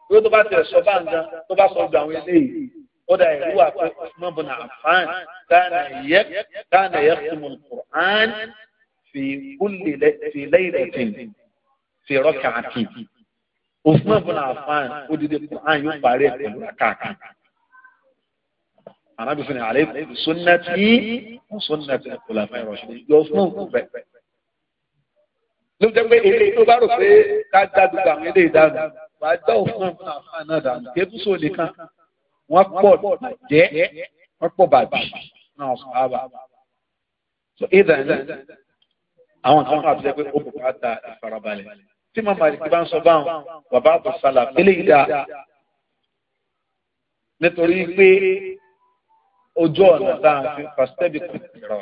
Bí ó tó bá tẹ̀ sọ bá ń gan tó bá sọ gbogbo àwọn ilé yìí ọ̀dà ìlú àpẹ́ Usman bin Affan kana yẹ kana في كل في ليلة في ركعتين Usman bin Affan odidi Quran yóò parí ẹ̀ pẹ̀lú àkàkà. Ànábi sọ̀rọ̀ àlẹ́ sunnati sunnati al-khulafa ar-rashidin yọ Usman kù bẹ́ẹ̀. Ló jẹ́ pé èlé tó bá rò pé ká dájú gba àwọn eléyìí dànù. Wà á dá Usman bin Affan náà dànù. Kébùsù nìkan wọ́n pọ̀ bàjẹ́ wọ́n pọ̀ bàjẹ́ náà sọ̀ àwọn kan fà sílẹ̀ pé ó kò ká ta ìfarabalẹ̀ tí màá máa bá ń sọ báwọn bàbá àbùsálà pélé ìdá nítorí pé ojú ọ̀nà tá a fi pàṣẹ́bì kò tẹ̀rọ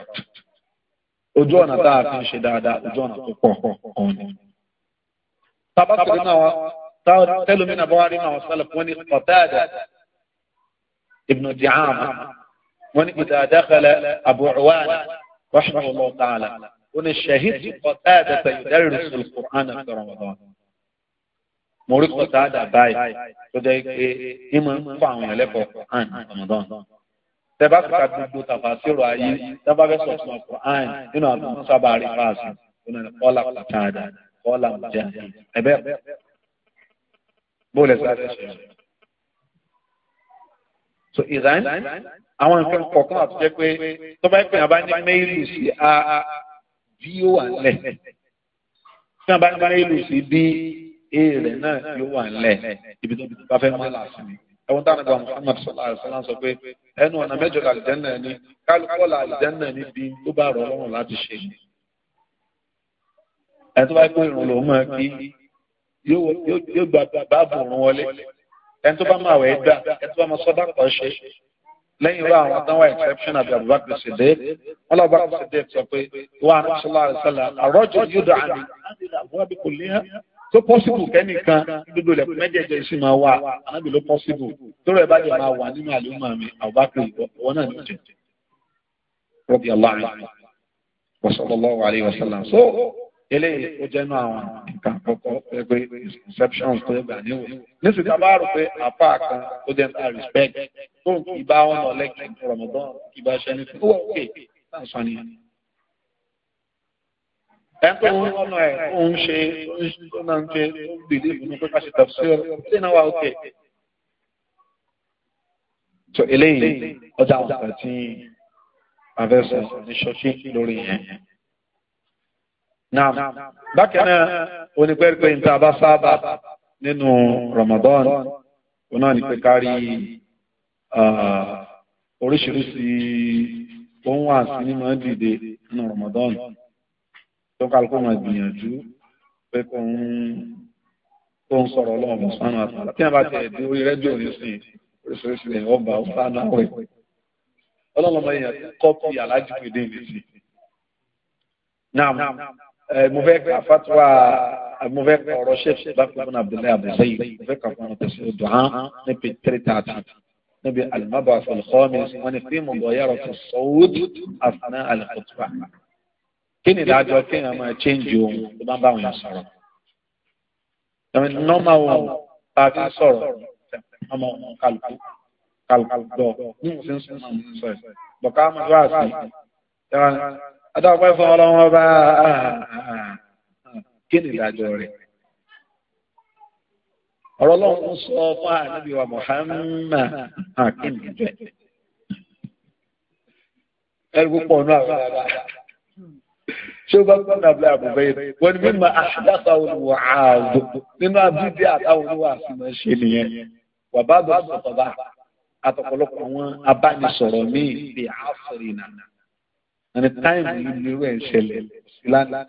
ojú ọ̀nà tá a fi ń ṣe dáadáa ojú ọ̀nà tó pọ̀ ọ̀hún tábàkìrì náà tẹ́lómìnà bá wà rí náà sálẹ̀ wọ́n ní Qatada ibn Di'ama wọ́n ní idha dakhala Abu Uwana rahimahullah oní ṣẹ̀hídì kọ̀tàdà tẹ̀yìndárì rùsùlù kùránà fi Ramadan. mo rí kọ̀tàdà báyìí tó jẹ́ pé ìmọ̀ ń kọ́ àwọn ẹlẹ́kọ̀ọ́ kùrán Ramadan. tẹ́bá fi ka gbogbo tàfàṣírò ayé tẹ́bá fẹ́ sọ̀tún ọ̀ kùrán nínú àwọn sábà rí fáàsì kọ́lá kọ̀tàdà kọ́lá mùjá ẹ̀bẹ́ bó lẹ sáré ṣe. so ìdáyìn àwọn nǹkan kọ̀ọ̀kan àti jẹ́ pé tọ́ba ìpè àbá ní méèlì sí a bí yóò wà lẹ̀ tí wọ́n bá ní báyìí lù sí bí èè rẹ̀ náà yóò wà lẹ̀ ibi tó bá fẹ́ mọ́ làásì ni ẹ̀wọ̀n táwọn ẹgbẹ́ Muhammad sallallahu alaihi wasallam sọ pé ẹnu ọ̀nà mẹ́jọ làlìjẹ́nà ni kálukọ́ làlìjẹ́nà ni bí tó bá rọ̀ lọ́rùn láti ṣe ẹ̀ tó bá pé ìrùn lòún máa kí yóò gba báàbù òun wọlé ẹ̀ tó bá máa wẹ̀ dà ẹ̀ tó bá máa sọ́dà kọ́ ṣe lẹ́yìn irú àwọn tán wá exception àbí abubakar Siddiq wọn lọ abubakar Siddiq sọ pé wà á nàṣẹ lọ àrẹsẹlẹ àrọjò àmì àbúrò kò lè hàn tó pọsibù kẹnìkan gbogbo ilẹ̀kùn mẹ́jẹ̀ẹ̀jọ iṣẹ máa wà ànábì ló pọsibù tó rẹ bá máa wà nínú àlùmọ mi abubakar ìwọ náà nìjẹ rọbì aláàrin wasalaamu alayhi wa sallam so eléyìí ó jẹ́ nú àwọn nǹkan kọ̀ọ̀kan pé pé misconception tó yẹ gbà níwò nísìsiyìí tá a bá rò pé apá kan ó dẹ̀ ta respect tó ń kí bá wọn lọ lẹ́kìn rọ̀mọ̀dán kí bá ṣẹ́ni fún wọn òkè náà sọ ni. ẹ tó ń rọ́nà ẹ̀ tó ń ṣe tó náà ń ṣe tó ń bìlí ìbùnú pé ká ṣe tafsir ṣé náà wà òkè. tó eléyìí ọjà àwọn kan tí a fẹ́ sọ ní ṣọ́kí lórí yẹn naam bákan náà onípẹ́ẹ́pẹ́ níta bá sábà nínú Ramadan òun náà ní pé kárí oríṣiríṣi ohun àti ní máa dìde nínú Ramadan tó kálukú máa gbìyànjú pé kò ń tó ń sọ̀rọ̀ ọlọ́run sánú àtàlà tí a bá tẹ̀ dé orí rẹ́díò nísìn oríṣiríṣi lè ọba ọ̀sánú àwẹ̀ ọlọ́run Eh, mo fẹ́ ka fatuwa mo fẹ́ ka ọ̀rọ̀ ṣe bakubun abdullahi abdulsayi mo fẹ́ ka fún ọ tẹsí o dùn án ní bi three thirty ní bi alimaba afọlùkọ́mi wọn ni fíìmù bọ̀ yàrá fún sọ́wọ́dì àfúnà alikutuba kí ni dájọ́ kí ni a máa change ohun tó bá ń bá wọn yàn sọ̀rọ̀ nọ́ọ̀mà ohun bá a fi sọ̀rọ̀ ọmọ kálukú kálukú dọ̀ ní mo fi ń sọ̀rọ̀ bọ̀ ká máa wá sí i adọ́pẹ́ fún ọlọ́run ọba kí ni ìdájọ́ rẹ̀ ọ̀rọ̀ ọlọ́run sọ fún ànábì wa Muhammad kí ni ìjọ púpọ̀ náà wà lára ṣé o bá gbọ́dọ̀ náà bẹ́ẹ̀ yìí wọ́n ní mímọ àdáta olùwà ààbò nínú abídí àtàwọn olùwà àfihàn ṣe nìyẹn wà bá sọ̀tọ̀ bá àtọ̀pọ̀lọpọ̀ àwọn abánisọ̀rọ̀ míì bí àásọ̀rì ẹni táìmù yìí ni irú ẹ̀ ń ṣẹlẹ̀ sí lánàá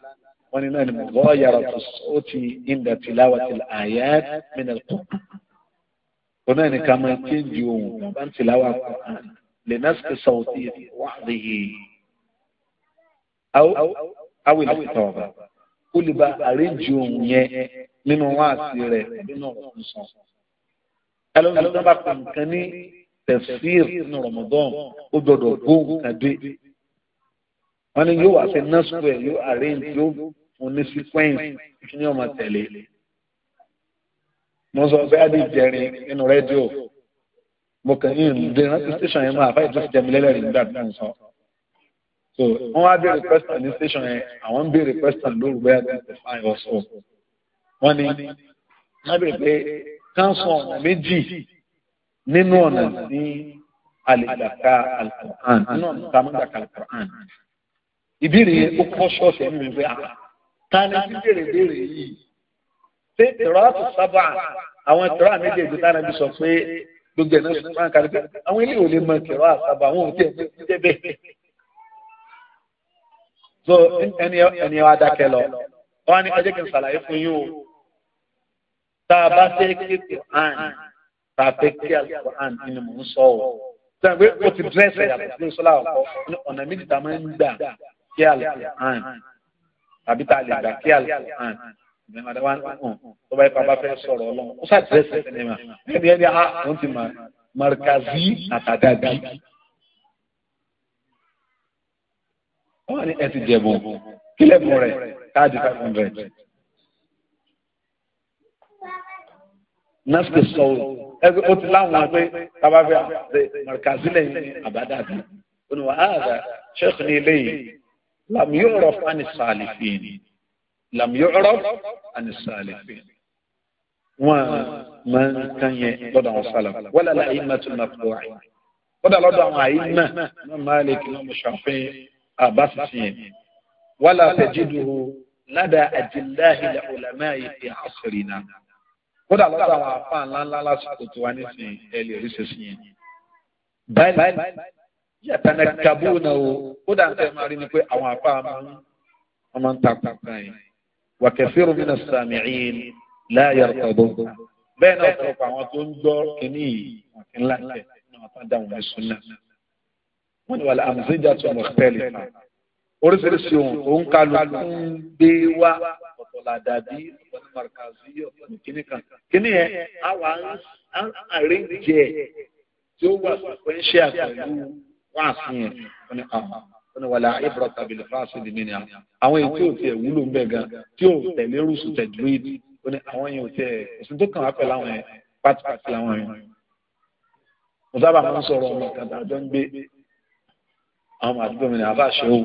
wọ́n ní náà ni mọ̀gọ́ yàrá tó ó ti ìndà tìláwà tìlà àyà mìíràn tó tó náà ni ká máa chéńjì ohun bá ń tìláwà kọ̀ lè násìkè sọ̀tì wà lèyè awé lè tọ̀ ọ̀bà ó lè ba àrẹ́jì ohun yẹn nínú wáàsí rẹ̀ nínú ọ̀sán sàn ẹlòmíràn bá pè nǹkan ní tẹ̀síìr nínú rọ̀mọ̀dọ́n ó gbọ́dọ̀ gbóhùn kàdé wọ́n ní yóò wá sí nọ́ọ̀sì ẹ̀ yóò arrange yóò fún ní sequence kí ni ọmọ tẹ̀lé mo sọ pé adi jẹrin nínú rédíò mo kàn ní ìdè rántí station yẹn máa fáyì tó ti jẹmi lẹ́lẹ́rìí nígbà tó ń sọ so wọ́n wá béèrè question ní station yẹn àwọn ń béèrè question lórí bẹ́ẹ̀ tó ti fáyì ọ̀sọ̀ wọ́n ní wọ́n béèrè pé káńsọ̀ ọ̀nà méjì nínú ọ̀nà ní alìgbàka alukur'an nínú ọ̀nà tá a máa ìbéèrè ó kọ́ ṣọ́ọ̀ṣì ẹ̀mí mi pé a ta ni tí béèrè béèrè yìí ṣé tìrọ́ọ̀tù sábà àwọn tìrọ́ọ̀ méjèèjì tá a sọ pé gbogbo ẹ̀ náà sọ fún àkàrí pé àwọn ilé ìwòlé mọ tìrọ́ọ̀ sábà àwọn òun tí ẹ̀ bẹ́ẹ̀. so ẹni ẹni wa dákẹ́ lọ wọn á ní ọjọ́ kí n ṣàlàyé fún yín o tá a bá fẹ́ kí Quran tá a fẹ́ kí Quran ni mò ń sọ o. sọ pé o ti dírẹ́sì ẹ̀yà bọ̀ sí ọ̀nà méjì tá a máa ń gbà kí alukur'an àbí tá a lè gbà kí alukur'an ìgbìmọ̀ àdáwà ń hàn tó bá yẹ kó a bá fẹ́ sọ̀rọ̀ ọlọ́run ó sàdírẹ́sì ẹni mà ẹni ẹni a wọ́n ti mà markazi àtàdàbí. wọ́n ní ẹ ti jẹ̀bù kílẹ̀bù rẹ̀ káàdì five hundred. nọ́ọ̀sì sọ̀rọ̀ ẹgbẹ́ ó ti láwọn pé tábàfẹ́ markazi lẹ́yìn àbádàbí. ó ní wàhálà ṣẹ́kù ní ilé لم يعرف عن السالفين لم يعرف عن السالفين ومن كان يدعو السلف ولا الأئمة المتبوعين ولا لدعو أئمة مالك الشافعي أباسسين ولا تجده لدى الله العلماء في عصرنا kódà lọ́dọ̀ àwọn لا لا lásìkò tó wá nísìnyí ẹ lè rí yàtàna kàbó na o ó dà ń tẹ́ máa rí ni pé àwọn àpá àmọ́ ń ta kankan yìí wà kathiru mina sami'in la yarqabu bẹ́ẹ̀ náà ọ̀pọ̀lọpọ̀ àwọn tó ń gbọ́ kínní yìí wọ́n ti ń láṣẹ náà tó ń dá wọn ní súnà wọ́n ní wàlẹ̀ àmùsíjà tó mọ̀ tẹ́lẹ̀ fà oríṣiríṣi ohun tó ń kalu ń gbé wá ọ̀tọ̀ làdàbí ọ̀tọ̀ ní màrìkàzí ọ̀tọ̀ kínní kan kínní yẹn àwa àríjẹ tí ó wà pẹ̀lú wá sí yẹn wọn ni àwọn wọn ni wàlá ibro tàbí lè fáṣọ di mí ni àwọn àwọn èyí tí ò tiẹ̀ wúlò bẹ́ẹ̀ gan tí ò tẹ̀lé rúṣù tẹ̀dúró yìí wọn ni àwọn yẹn ò tiẹ̀ òsì tó kàn wá pẹ̀lú àwọn yẹn pátápátá làwọn yẹn mo sábà máa ń sọ̀rọ̀ ọmọ kan tá a jọ ń gbé àwọn àdúgbò mi ni àbá ṣe ó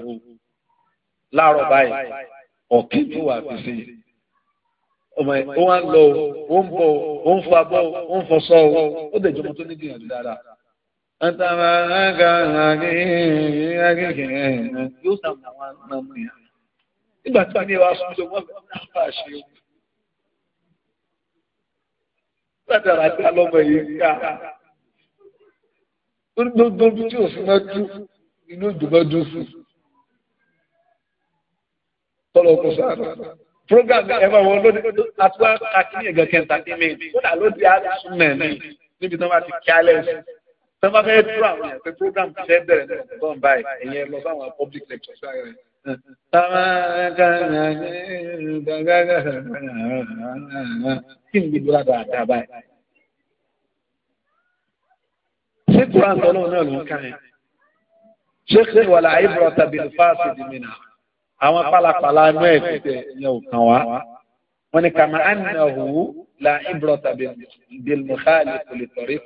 láàárọ̀ báyìí ọ̀kí tó wà fi sí i ọmọ ẹ̀ ó wá ń lọ ó ń bọ̀ ó ń fa bọ́ ó ń fọṣọ́ ó dẹ̀ jọmọ tó ní gbìyànjú dáadáa. Àtàrà àgà àrí àríkẹ̀ yóò sàmì àwọn àmàmù ìyá. Nígbà tí wà ní ẹwà fún ìjọba bá ṣe o. Látàrà àti alọ́mọ yìí ká. Gbogbo tí òfin máa dú inú ìjọba dún sí. Tọ́lọ̀ kò sáà. Program ẹ máa wọ́n lóde àtúwá kakí ẹ̀gẹ̀kẹ̀ entertainment. Kódà ló di àdúsùn mẹ́rin níbi tí wọ́n bá ti kí alẹ́ sí tẹ́ bá fẹ́ tú àwọn yẹn pé program ti fẹ́ bẹ̀rẹ̀ ní ọ̀gbọ́n báyìí ìyẹn lọ sáwọn public lecture sáyẹn rẹ̀. kí ni gbogbo àgbà àdá báyìí. ṣé kuran tọ́lọ́ náà ló ń ká yẹn. ṣé kí wàlá ibùdó tàbí fáàsì di mí nà. àwọn pálapàla inú ẹ̀ ti tẹ̀ yẹn ò kàn wá. wọ́n ní kàmá ànàhù la ibùdó tàbí bílmùkálì kò lè tọ̀rí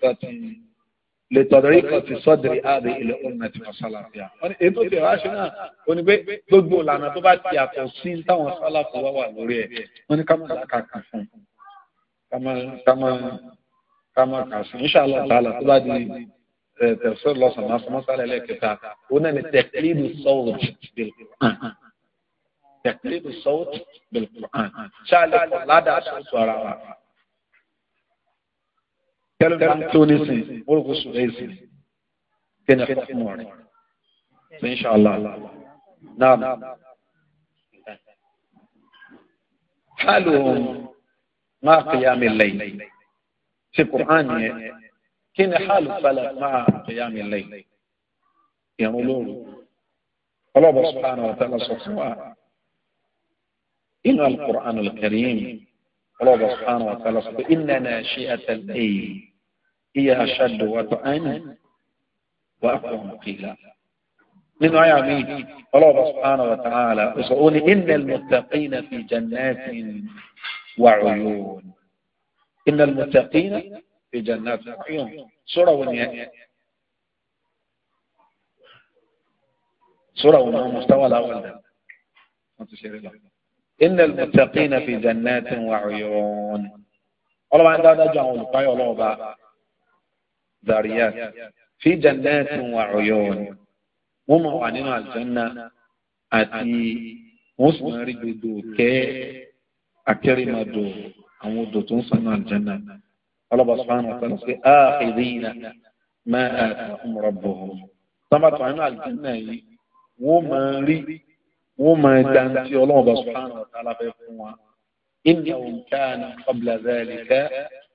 lè tọ̀dọ̀ yìí kan ti sọ́dìrì àdé ilẹ̀ ọ̀nà ti fa sálàfíà. ètò ìdè wa ṣe náà ó ní pé gbogbo ìlànà tó bá ti yàtọ̀ sí táwọn sálàfù wá wà lórí ẹ̀ wọ́n ní kámọ́ kàkà kan fún kámọ́ kà sí inṣàlá tààlà tó bá di tẹ̀sán lọ́sàn-án asọ́mọ́sálẹ̀ lẹ́kẹta ó náà ní tẹ̀klídù sọ́wọ́ tẹ̀klídù sọ́wọ́ bẹ̀rẹ̀ نعم. حالهم ما قيام الليل في القرآن كان حال الفلك مع قيام الليل يقولون الله سبحانه وتعالى إن القرآن الكريم الله سبحانه وتعالى إن ناشئة الليل هي أشد وطئا وأقوم قيلا من آية الله سبحانه وتعالى أسعون إن المتقين في جنات وعيون إن المتقين في جنات وعيون سورة ونية سورة ونية مستوى الأول إن المتقين في جنات وعيون الله عندنا جعل القيل الله zariyat fi jannatin wa uyun wọ́n máa wà nínú àlùjànnà àti wọ́n sì máa rí gbogbo kẹ́ akérèmọdò àwọn odò tó ń sọ náà àlùjànnà ọlọ́ba sọ́nà ọ̀tọ̀ ṣe áàkìrìnà máa àtàkùn rọ̀bọ̀ sábàtàn nínú àlùjànnà yìí wọ́n máa rí wọ́n máa dantí ọlọ́ba sọ́nà ọ̀tọ̀ aláfẹ́ fún wa. إنهم كانوا قبل ذلك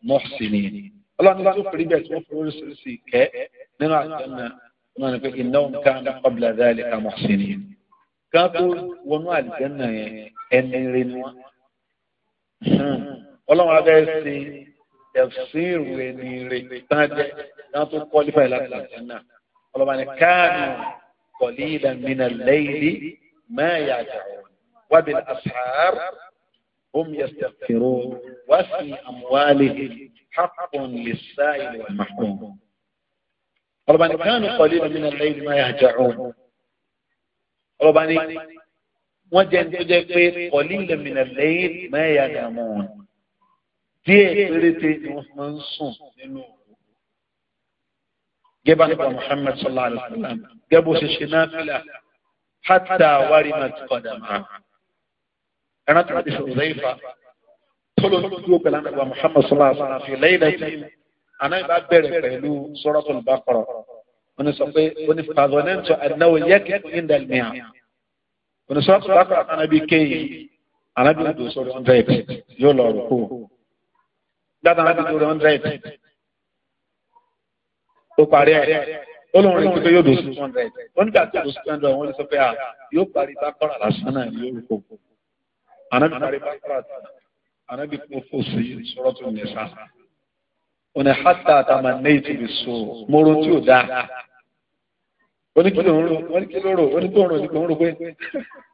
محسنين ọlọ́run ní tí ó fèrè bẹ́ẹ̀ tí wọ́n fèrè oríṣiríṣi ìkẹ́ nínú àjọyọ̀ náà ní pé innahum kānu qabla dhālika muḥsinīn kan tó wọnú àlìjẹ́nà yẹn ẹni rẹ ni wọ́n. ọlọ́run abẹ́ ṣe tafsīru ẹni rẹ tán jẹ́ kan tó qualify láti àjọyọ̀ ọlọ́run ní kānu qalīlan mina al-layli mā yahja'ūn wa bil-ashār hum yastaghfirūn wa fī amwālihim. حق للسائل والمحروم ربنا كانوا قليلا من الليل ما يهجعون ربنا وجن تجاكي قليلا من الليل ما ينامون دي فريتي منصوم جاب محمد صلى الله عليه وسلم جابوا الشنافلة حتى ورمت قدمها أنا تعرف حذيفة tọ́lọ́ dúró pẹ̀lú àgbà Muhammad sọlá sọlá fi lẹ́yìn lẹ́tí àná ìbá bẹ̀rẹ̀ pẹ̀lú Suratul Baqara wọn sọ pé wọn fàdọ̀ ní tọ́ ẹ̀dáwó yẹ́kẹ́ ìndà mìíràn wọn Suratul Baqara anábì kéyì anábì odò sọ̀rọ̀ hundred yóò lọ rò kó dáadáa anábì sọ̀rọ̀ hundred ó parí ẹ̀ olóhùn rẹ̀ kíkẹ́ yóò dò sí hundred wọn nígbà tó dò sí hundred wọn sọ pé ah, yóò parí Baqara anábì kún fò sí Suratul Nisa òní hátà àtàmà néètì lè so móró tí ò dáa oníkìlò ń ro oníkìlò rò oníkìlò rò oníkìlò ń ro pé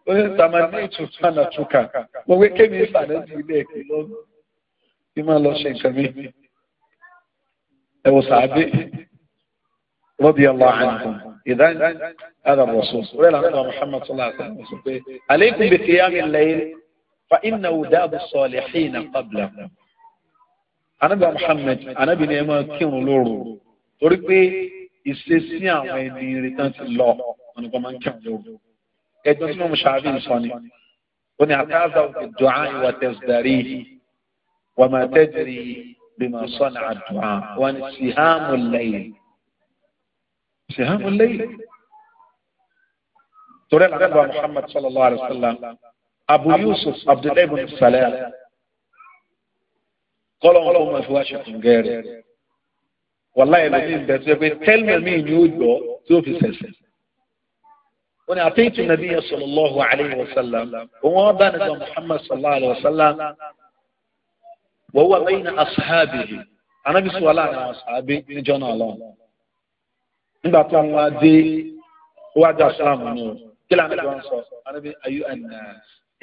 oní tàmà néètì fànà túkà mo wé kémi ìfànẹ́jì ilé ẹ̀kí lọ́nà tí máa lọ ṣe nǹkan mi ẹ wò sàábé radiyallahu anhum ìdáhùn àdàbọ̀sọ̀ rẹ̀ làǹkà Muhammad sallallahu alaihi wasallam pé alaykum bi qiyamil layl. فإن داب الصالحين قبلهم أنا بن محمد أنا بن إمام كيم لورو وربي يسلسني عمين من ريتان الله أنا بمان كيم لورو إذن سنو مشعبي إنساني وني أتعذى الدعاء وتزداري وما تدري بما صنع الدعاء وان سهام الليل سهام الليل تورا محمد صلى الله عليه وسلم abu yusuf abdullahi bin salam kọ́lọ́ wọn kò máa fi wá ṣètò gẹ́rẹ́ wàláyé lómi ń bẹ tó yẹ pé tẹ́lẹ̀ mi ni ó gbọ́ tí ó fi ṣẹ̀ṣẹ̀. wọ́n ní àtẹ́yìntì nàbí yẹn sallallahu alayhi wa sallam òun bá nàbí muhammad sallallahu alayhi wa sallam wa huwa bayna ashabihi anabi sọ̀rọ̀ àwọn ashabi ní jọ́nà ọlọ́run. nígbà tó àwọn adé wájú àṣàlámù nù kí lànà ìjọba ń sọ anabi ayu an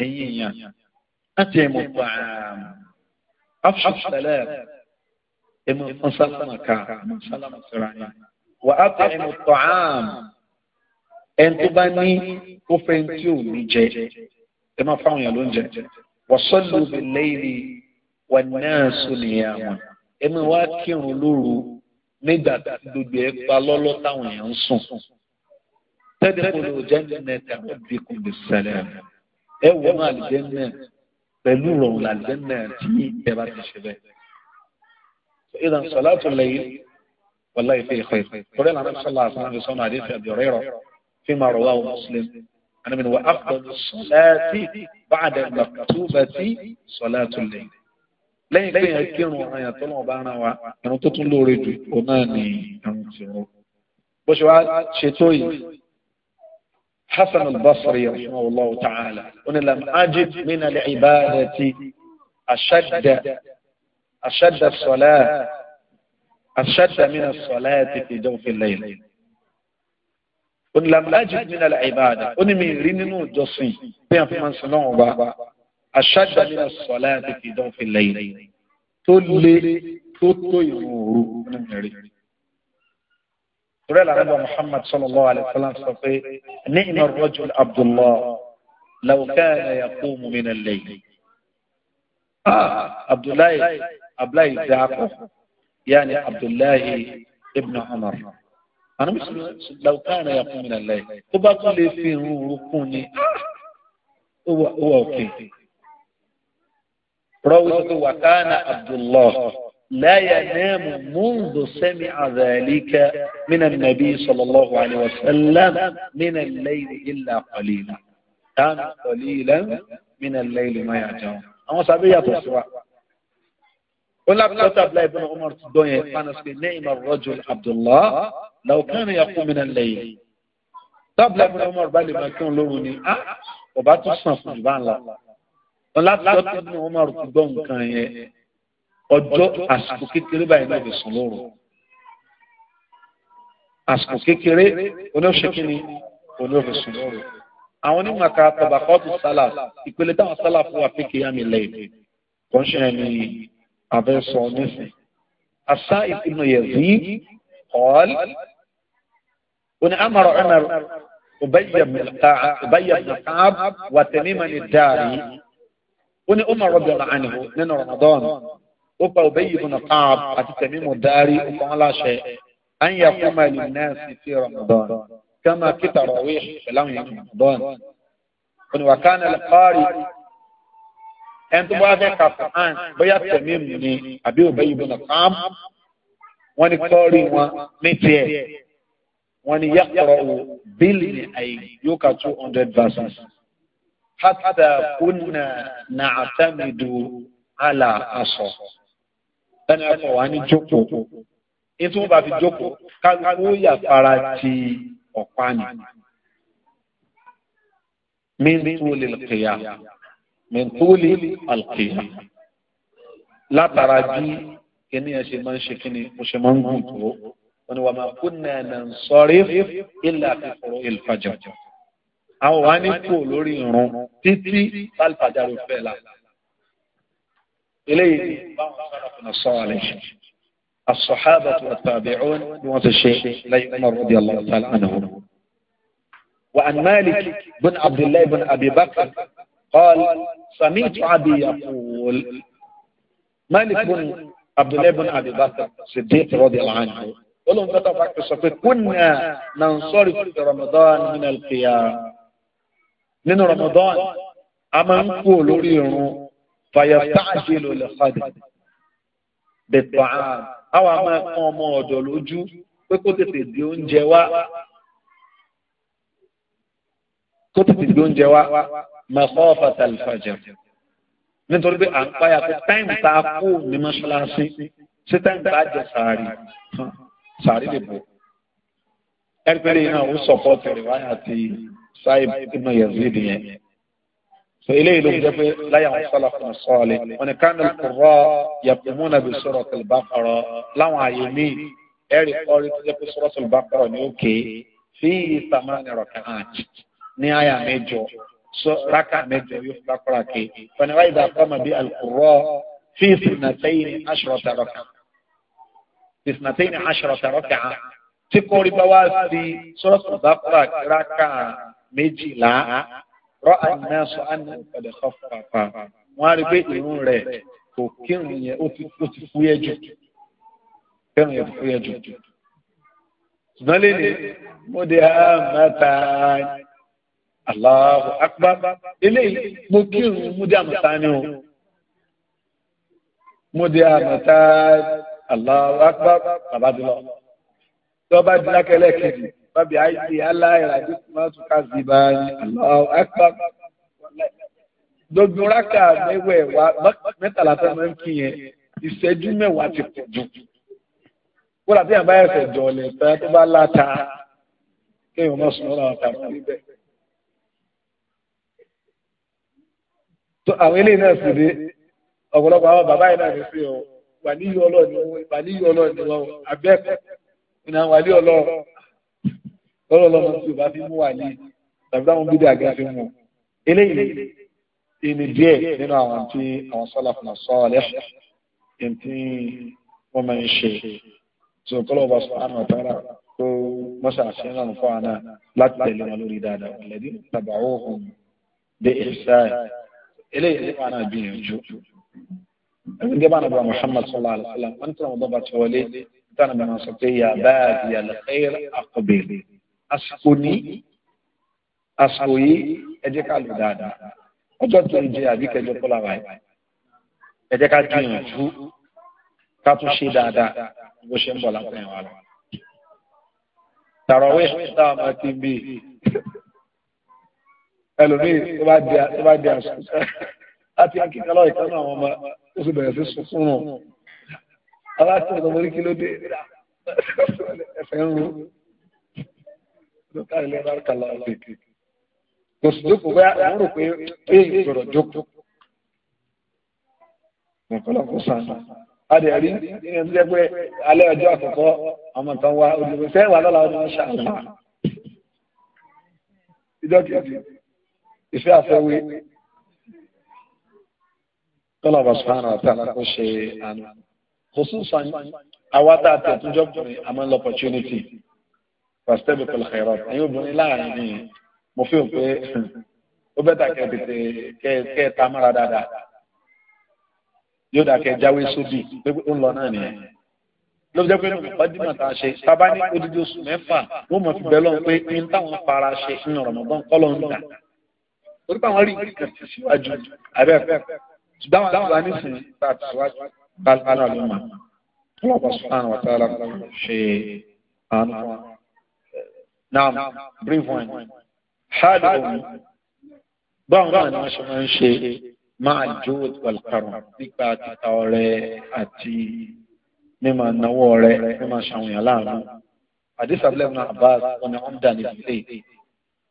ẹ̀yin èèyàn láti ẹ̀mọ̀ pààrọ̀ afṣọ́sẹ̀lẹ̀ ẹ̀mọ̀ mọ́sálámà ká mọ́sálámà sọ̀rọ̀ yẹn wà á bẹ̀ ẹ̀mọ̀ pààrọ̀ ẹni tó bá ní ó fẹ́ tí ò ní jẹ ẹ máa fáwọn èèyàn ló ń jẹ wàsọ́lù wà náà sùn nìyà wọn ẹ máa wá kírun lóru nígbà gbogbo ẹ pa lọ́lọ́ táwọn èèyàn ń sùn tẹ́lifù ló jẹ́ nínú ẹ̀ tàbí kò lè sẹ́lẹ̀ rẹ̀ ẹ wọ náà àlìjẹ́nà pẹ̀lú ìrọ̀rùn àlìjẹ́nà tí ẹ bá ti ṣe bẹ́ẹ̀. ìdàn sọlá tó lẹ́yìn wọlé ìfẹ́ ìfẹ́ torí àwọn sọlá àfọwọ́n fi sọ́nà àdéhùn àbí ọ̀rẹ́ rọ fi máa rọ̀ wáwọ̀ mùsùlùmí anamíni wa afdọ́dù sọláàtì báàdà màkútùbàtì sọlá tó lẹ́yìn. lẹ́yìn pé yẹn kírun ọ̀ràn yàtọ̀ náà bá ara wa irun tó tún lóore jù ọ náà ní irun tìrún. bó ṣe wá ṣètò yìí hasan al-basri rahimahullah ta'ala oní lam ajid min al-ibadati ashadda ashadda salat ashadda min as-salati fi jawfi al-layl oní lam ajid min al-ibada oní mi rí nínú ìjọsìn bí wọn fi máa ń sin náà wá ashadda min as-salati fi jawfi al-layl tó lé tó tó ìrùn òru oní mi rí. قال عبد محمد صلى الله عليه وسلم صفي نعم الرجل عبد الله لو كان يقوم من الليل عبد الله عبد الله يعقوب يعني عبد الله ابن عمر انا مش لو كان يقوم من الليل تبقى في ركني هو هو اوكي روضه وكان عبد الله لا ينام منذ سمع ذلك من النبي صلى الله عليه وسلم من الليل إلا قليلا كان قليلا من الليل ما يعجبه أما صبي يتسوى قلنا كتب لا ابن عمر الدنيا كان اسمي نعم الرجل عبد الله لو كان يقوم من الليل طب لا ابن عمر بل ما يكون لوني أه وبعد تصنف جبان الله قلنا كتب ابن عمر الدنيا ọjọ́ àsìkò kékeré báyìí náà fi sùn lóru àsìkò kékeré oníṣèkí ni oníṣèkí sùn lóru àwọn onímọ̀ọ́ká tabakọ́tù sálà ìpele táwọn sálà fún wa kékeré àmì lẹ́yìn kò ń ṣe ẹni abẹ́sọ nísìn asa ìpinnu yẹ zi ọ̀ọ́lì oní amọ̀rọ̀ ẹ̀mẹ̀rù ọ̀bẹ̀yẹ̀ mẹ̀káàb wà tẹ̀mí mẹ́ni dáàrí oní ọmọ rọ̀bì ọ̀nà ànìhó nínú Ramadan ó pa Ubayy ibn Ka'b àti Tamimu Dari ó pa wọ́n láṣẹ an yaquma lin-nasi fi Ramadan kama kí tarawih pẹ̀lú àwọn èèyàn Ramadan òní wa kana al-qari ẹni tó bá fẹ́ ka Qur'an bóyá Tamimu ni àbí Ubayy ibn Ka'b wọ́n ní kọ́ọ̀rì wọn ní tiẹ̀ wọ́n ní yaqra'u bílíọ̀nù àyè yóò ka two hundred verses. حتى كنا نعتمد على أصح ẹni akọ̀ wá ní jókòó ètò wọn bá fi jókòó kálukú yà fara ti ọ̀pá ni mintuli alkiya mintuli alkiya látara bí kíní ẹ ṣe máa ń ṣe kíní mo ṣe máa ń gùn tó wọn ni wà máa kún náà nà ń sọrí ilà àfikọrọ àwọn wa ní kú lórí irun títí alfàjọ rẹ fẹ إليه بعض sọ́nà sọ́ọ̀lẹ̀ asọ̀hábà tó tàbí'un ni wọ́n ti ṣe lẹ́yìn náà rọ́bì aláwọ̀tàlá وعن مالك بن عبد الله بن أبي بكر قال سمعت أبي يقول مالك بن عبد الله بن أبي بكر صديق رضي الله عنه ولهم كتب في الصفيق كنا ننصرف في رمضان من القيام من رمضان أما نقول لهم fàyàtàjìlò lẹ́fàdì bẹ̀tọ̀ àrùn àwọn àmọ́ ẹ̀kan ọmọ ọ̀dọ̀ lójú pé kó tètè di oúnjẹ wá kó tètè di oúnjẹ wá mẹ́kọ́ ọ̀fàtà lẹ́fàjà nítorí pé à ń páyà pé táìmù tá a kú ní mọ́ṣáláṣí ṣé táìmù tá a jẹ sàárì sàárì lè bọ̀ ẹ̀rí pẹ́lẹ́ yìí náà ó sọ̀pọ̀ tẹ̀rẹ̀ wáyà àti sáyẹ̀ ibùdó yẹn so eléyìí ló jẹ́ pé láyé àwọn sọ́lá fún sọ́ọ̀lẹ̀ wọn ni kánú kúrọ́ yàtúmúnà bí suratul Baqara láwọn àyè míì ẹ̀rí kọ́rí tó jẹ́ pé suratul Baqara ní òkè fi ìsàmánì raka'at ní àyà mẹ́jọ so rákà mẹ́jọ yóò fi Baqara ké wọn ni wáyé dàpọ̀ mà bí alukúrọ́ fi ìsìnàtẹ́yìn ashrata raka'a ìsìnàtẹ́yìn ashrata raka'a tí kọ́rí bá wá sí suratul Baqara rákà méjìlá ra'a an-nas annahu qad khaffafa wọ́n á rí pé ìrun rẹ̀ kò kírun yẹn ó ti fúyẹ́ jù kírun yẹn ti fúyẹ́ jù ṣùgbọ́n lè ní mo dé àmàtà Allahu akbar eléyìí mo kírun mo dé àmàtà ni o mo dé àmàtà Allahu akbar bàbá dùn lọ tọ́ba dùn lákẹ́lẹ́ kejì wàbí àìsí aláìràdí máa tún ká sí bá Allahu akbar gbogbo rákà mẹ́wẹ̀ wá mẹ́tàlá tó máa ń kí yẹn ìṣẹ́jú mẹ́wàá ti pọ̀ jù wọ́n làbí àbá ẹ̀fẹ̀ jọ̀ọ̀lẹ̀ tán tó bá láta kéèyàn má sùn lọ́nà àtàwọn níbẹ̀. tó àwọn eléyìí náà sì dé ọ̀pọ̀lọpọ̀ àwọn bàbá yìí náà ní sí ọ wà níyì ọlọ́ọ̀ni wọ́n àbẹ́ẹ̀kọ́ ìnáwó wà ọlọ́ọ̀ lọ́rọ̀ lọ́mọ tí o bá fi mú wà ní tàbí táwọn bídé àgẹ́ fi mú eléyìí ìní díẹ̀ nínú àwọn tí àwọn sọ́là fún asọ́ọ̀lẹ́ tí wọ́n máa ń ṣe tí o kọ́lọ́ bá sọ àmọ́ tààrà tó mọ́ṣá àṣeyàn fún àná láti tẹ̀lé wọn lórí dáadáa wọn lẹ́dí tàbí àwọn òhun dé ìṣáà eléyìí ní wọn náà gbìyànjú. Ẹgbẹ́ bá nàbà Mùhàmmad sallallahu alaihi wasallam, wọ́n ti ràn wọ́n bá ti wọlé, tí wọ́n nàbà sọ pé yà báyà yà lẹ́yìn àkọ́bẹ̀rẹ̀ àsìkò ní àsìkò yìí ẹ jẹ́ ká lò dáadáa ọjọ́ tó ń jẹ àbí kẹjọ kọ́ lára ẹ̀ ẹ jẹ́ ká gbìyànjú ká tún ṣe dáadáa bó ṣe ń bọ̀ lápẹ̀ wa lọ. tàrọ̀wé tá a máa ti ń bí ẹlòmíì tó bá di àṣọ láti akíkalọ́ ìkànnì àwọn ọmọ ó sì bẹ̀rẹ̀ sí sunkún aláṣẹ ìdánwò orí kí ló dé ẹsẹ̀ ń rún káàlẹ́ bárúkà láwọn fèkì kò sì jókòó bá àwọn rò pé pé ìgbọ̀rọ̀ jókòó nìkọ́lọ̀ kò sànù adé rí nínú ẹni jẹ́ pé alẹ́ ọjọ́ àkọ́kọ́ àwọn kan wá olùdókòwò sẹ́wà lọ́la ọdún wọn ṣàlùmá ìjọ kejì ìfẹ́ àfẹ́wé tọ́lá ọba sùhánà àti àkókò ṣe pàṣẹbí pẹ̀lú ẹ̀rọ ẹ̀yin obìnrin láàrin ni mo fi hàn pé ó bẹ́tà kẹ́ tètè kẹ́ kẹ́ ta mára dáadáa yóò dà kẹ́ jáwé sóbì pé ó ń lọ náà nìyẹn ló jẹ́ pé ọdínmọ̀ tá a ṣe tábà ní odidi oṣù mẹ́fà wọ́n mọ̀ fi bẹ́ẹ̀ lọ́wọ́ pé ní táwọn fara ṣe ń Ramadan kọ́ ló ń dà orí báwọn rí nǹkan ti síwájú abẹ́ẹ̀fẹ́ ṣùgbọ́n bá a sùn àwọn àtàlà ṣe Now, brief one. Hard omi. Um, báwo náà ni wọ́n ṣe máa ń ṣe máa jó ìpàlùkàrùn nípa títa ọrẹ àti mímọ náwó ọrẹ mímọ ṣàwòyàn láàánú. Àdìs Abdullahi ibn Abbas wọn ni wọ́n dà ní ìdílé.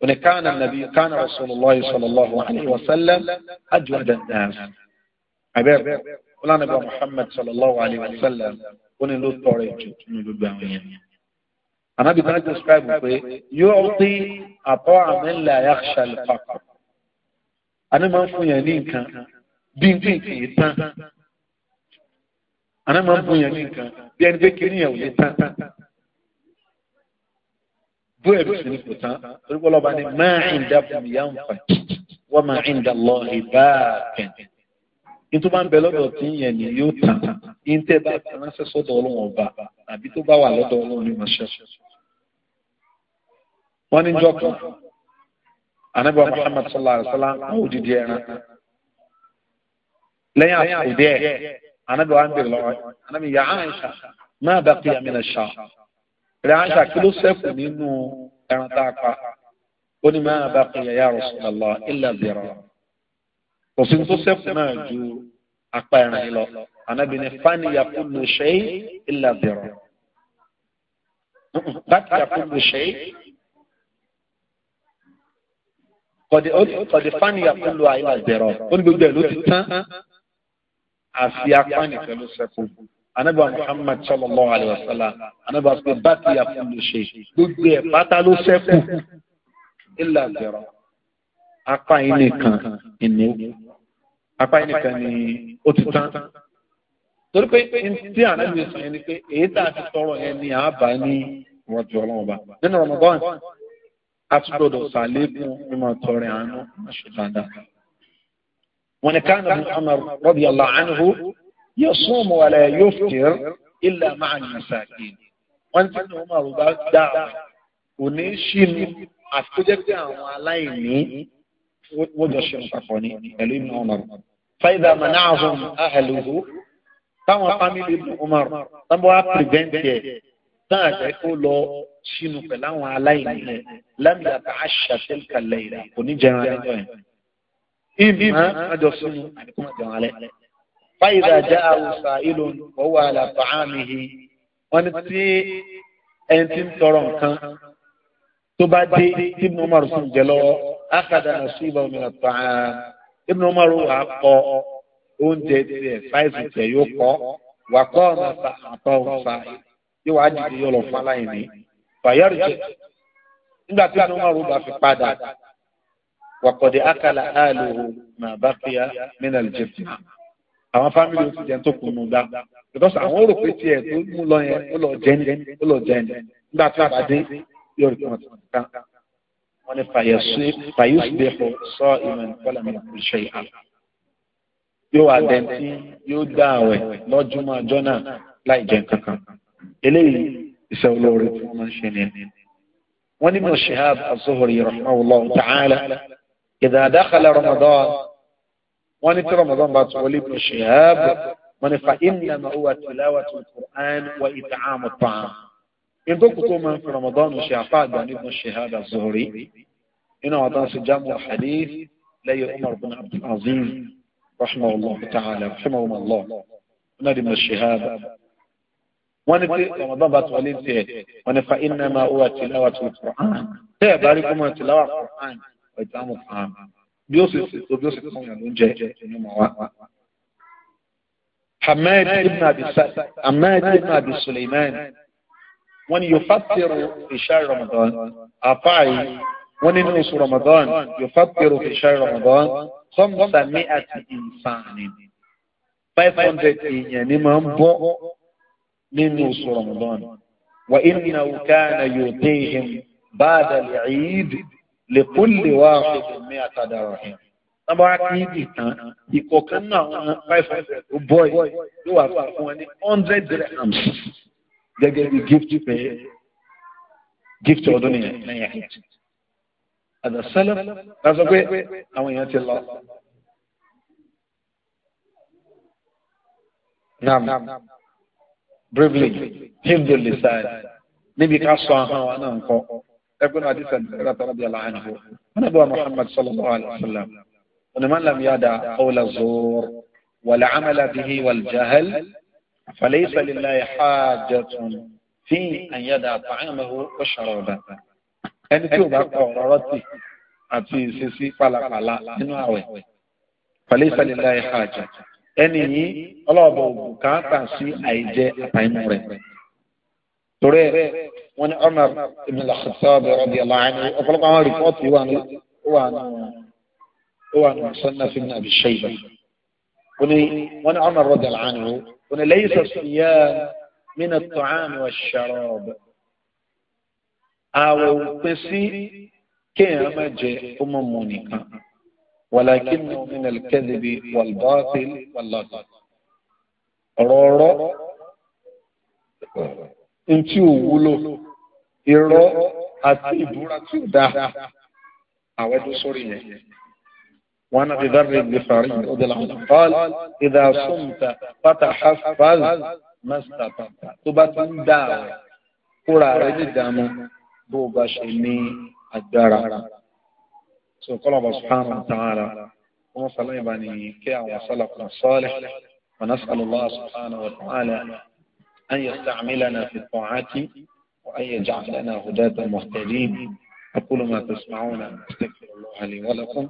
Wọ́n ni káàna nàbí káàna Rasulullahi sallallahu alayhi wa sallam ajwada an-nas. Àbẹ̀rẹ̀ wọ́n lánàá Muhammad sallallahu alayhi wa sallam ni ló tọrẹ jù Ànábì kan describe pé yóò tí àpọ́ àmì ńlá yakhsha al-faqr. Àní máa ń fún yẹn ní nǹkan bí n pín kìí tán. Àní máa ń fún yẹn ní nǹkan bí ẹni pé kiri yẹn ò lè tán. Bó ẹ̀rù sì ni kò tán, orúkọ lọ́ba ni ma indakum yanfad wa ma inda Allahi baqin nítorí máa ń bẹ lọ́dọ̀ tí yẹn ni yóò tà níntẹ́ bá ránṣẹ́ sọ́dọ̀ ọlọ́run ọba àbí tó bá wà lọ́dọ̀ ọlọ́run ní mọ̀ṣẹ́. wọ́n ní jọ́ kan anábẹ́ Muhammad sallallahu alayhi wa sallam wọ́n ò dìde ẹran lẹ́yìn àsìkò díẹ̀ anábẹ́ wa ń bèrè lọ́wọ́ anábẹ́ yà Aisha máa bá kí amina ṣá rẹ̀ Aisha kí ló ṣẹ́kù nínú ẹran tá a pa ó ní máa bá kí ya Rasulullah illa òfin tó sẹ́kù náà ju apá ẹran yìí lọ ànábì ní fani yakulu shay illa bẹ̀rọ̀ bàtà yakulu shay kọ̀dé fani yakulu illa bẹ̀rọ̀ ó ní gbogbo ẹ̀ ló ti tán àfi apá nìkan ló sẹ́kù anabi wa muhammad sallallahu alayhi wa sallam anabi wa sọ bàtì àfúlù ṣe gbogbo ẹ pátá ló ṣẹ́kù ilà zẹrọ apá yìí nìkan ìní apá ẹnìkan ni ó ti tán torí pé tí ànábìyẹ sọ yẹn ni pé èyí tá a ti tọrọ yẹn ni a bá ní wọn ju Ọlọ́run ọba nínú Ramadan atúgbọdọ sàlẹkùn mímọ tọrẹ àánú aṣọ wọn ni káàna bin Umar radiyallahu anhu yasumu wala yuftir illa ma'a masakin wọn ti ní Umar bá dá òní ṣìlú àti tó àwọn aláìní wọ́n jọ ṣe papọ̀ ní pẹ̀lú Ibn Umar. fàyidà mana'ahum ahluhu táwọn fámìlì Ibn Umar táwọn wá pìrìvẹ́ǹtì ẹ̀ tán àjẹ́ kó lọ sínú pẹ̀lú àwọn aláìní rẹ̀ lam yata'ashsha tilka al-layla kò ní jẹun ẹjọ́ yẹn. ibi máa sínú àdìkún àjẹun alẹ́. fàyidà ja'ahu sa'ilun wa huwa akada nasiba omina paa ibn umar wà kọ oúnjẹ tiẹ̀ fáìsì tiẹ̀ yóò kọ wà kọ ọmọ fa àtọ fa yóò wá dìde yóò lọ fún aláìní fàyọrì jẹ nígbà tí ibn umar bá fi padà wà kọdẹ akala àlùhù mà bá fìyà mínà lè jẹ fìyà àwọn fámìlì ó ti jẹun tó kùnú gbà because àwọn rò pé tiẹ̀ tó mú lọ yẹn ó lọ jẹni ó lọ jẹni nígbà tí wàá bá dé yóò rí pé wọn ti kàn kàn wọ́n ní fàyọ́sùdẹ̀kọ̀ sọ ìmọ̀ ìkọlà mi kò ṣe ìhà. yóò wá dẹ̀ntì yóò dá àwẹ̀ lọ́júmọ́ ọjọ́ náà láì jẹ kankan. eléyìí iṣẹ́ olóore tí wọ́n máa ń ṣe nìyẹn. wọ́n ní mọ̀ṣíháb az-Zuhri rahimahullah ta'ala idha dakhala Ramadan wọ́n ní tí Ramadan bá tún wọlé mọ̀ṣíháb wọ́n ní fa innama huwa tilawatu al-Qur'an wa it'amu at-ta'am ìdókù tó máa ń fi Ramadan ṣe àfa àgbà nígbà Shihab az-Zuhri nínú àwọn àtàwọn jamu hadith lẹ́yìn Umar bin Abdul Azim rahimahullah ta'ala rahimahullah náà di mọ̀ Shihab wọ́n ní pé Ramadan bá tọ́lé tiẹ̀ wọ́n ní fa iná máa wà tìláwà tó Qur'an tẹ́ ẹ̀ bá rí kọ́mọ tìláwà Qur'an ọ̀jà mọ̀ Qur'an bí ó sì sì tó bí ó sì kọ́ ọ̀yàn ló ń jẹ ẹni mọ̀ wá. ibn Abi Sulaiman wọ́n ní yòfàtìrù ìṣáì ramadan àfáàyè wọ́n nínú oṣù ramadan yòfàtìrù ìṣáì ramadan kọ́mùsà ní àti ìsànì five hundred èèyàn ni máa ń bọ́ nínú oṣù ramadan wà ìnà òkàna yóò dé ihim báadà lẹ́yìn lẹ́kùnlé wà fún mi àtàdàrà hìn nọ́mbà wa kì í bì tán ìkọ̀kan náà five hundred ó bọ́ yìí ló wà fún wọn ní hundred dirhams. دقيقة جفت في ان ودنيا ما يحيى هذا السلف ان قوي أو ياتي الله نعم نعم بريفلي ان اللسان نبي كاسوها وانا انقو ان حديث الرات رضي الله عنه ان ابو محمد صلى الله عليه ان ومن لم يدع قول الزور ان به والجهل فليس لله حاجة في أن يدع طعامه وشرابه ẹni tí ó bá pa ọ̀rọ̀ rọ́tì àti ìṣesí pálapàla nínú àwẹ̀ فليس لله حاجة ẹni yìí ọlọ́ọ̀bọ̀ bùkátà sí àìjẹ àtàìmọ̀ rẹ̀ torí ẹ wọn ni Umar ibn al-Khattab radiyallahu anhu ọ̀pọ̀lọpọ̀ àwọn rìpọ́ọ̀tì wà ní wà ní wà ní Musannaf ibn Abi Shaybah wọn ni Umar radiyallahu anhu òní lẹ́yìn sọ̀sìyà mínà tọ́hán wà ṣàrọ̀ọ̀bù. àwẹ̀ òpin sí kéèyàn má jẹ ó mọ̀ mọ̀ nìkan wàlákin mínà kẹ́dìbì wàlbáàtì wàlọ́tà. ọ̀rọ̀ ọ̀rọ̀ ntí ò wúlò irọ́ àti ìbúra tí ò dáa àwẹ̀ tó sórí yẹn. وأنا في ذر رضي قال إذا صمت فتحفظ ما استطعت تبت من دعوة قرى رجل دامو بوبا شيني الدارة سوى الله سبحانه وتعالى وما صلى يباني كيا وصلق الصالح ونسأل الله سبحانه وتعالى أن يستعملنا في الطاعات وأن يجعلنا هداة مهتدين أقول ما تسمعون أستغفر الله لي ولكم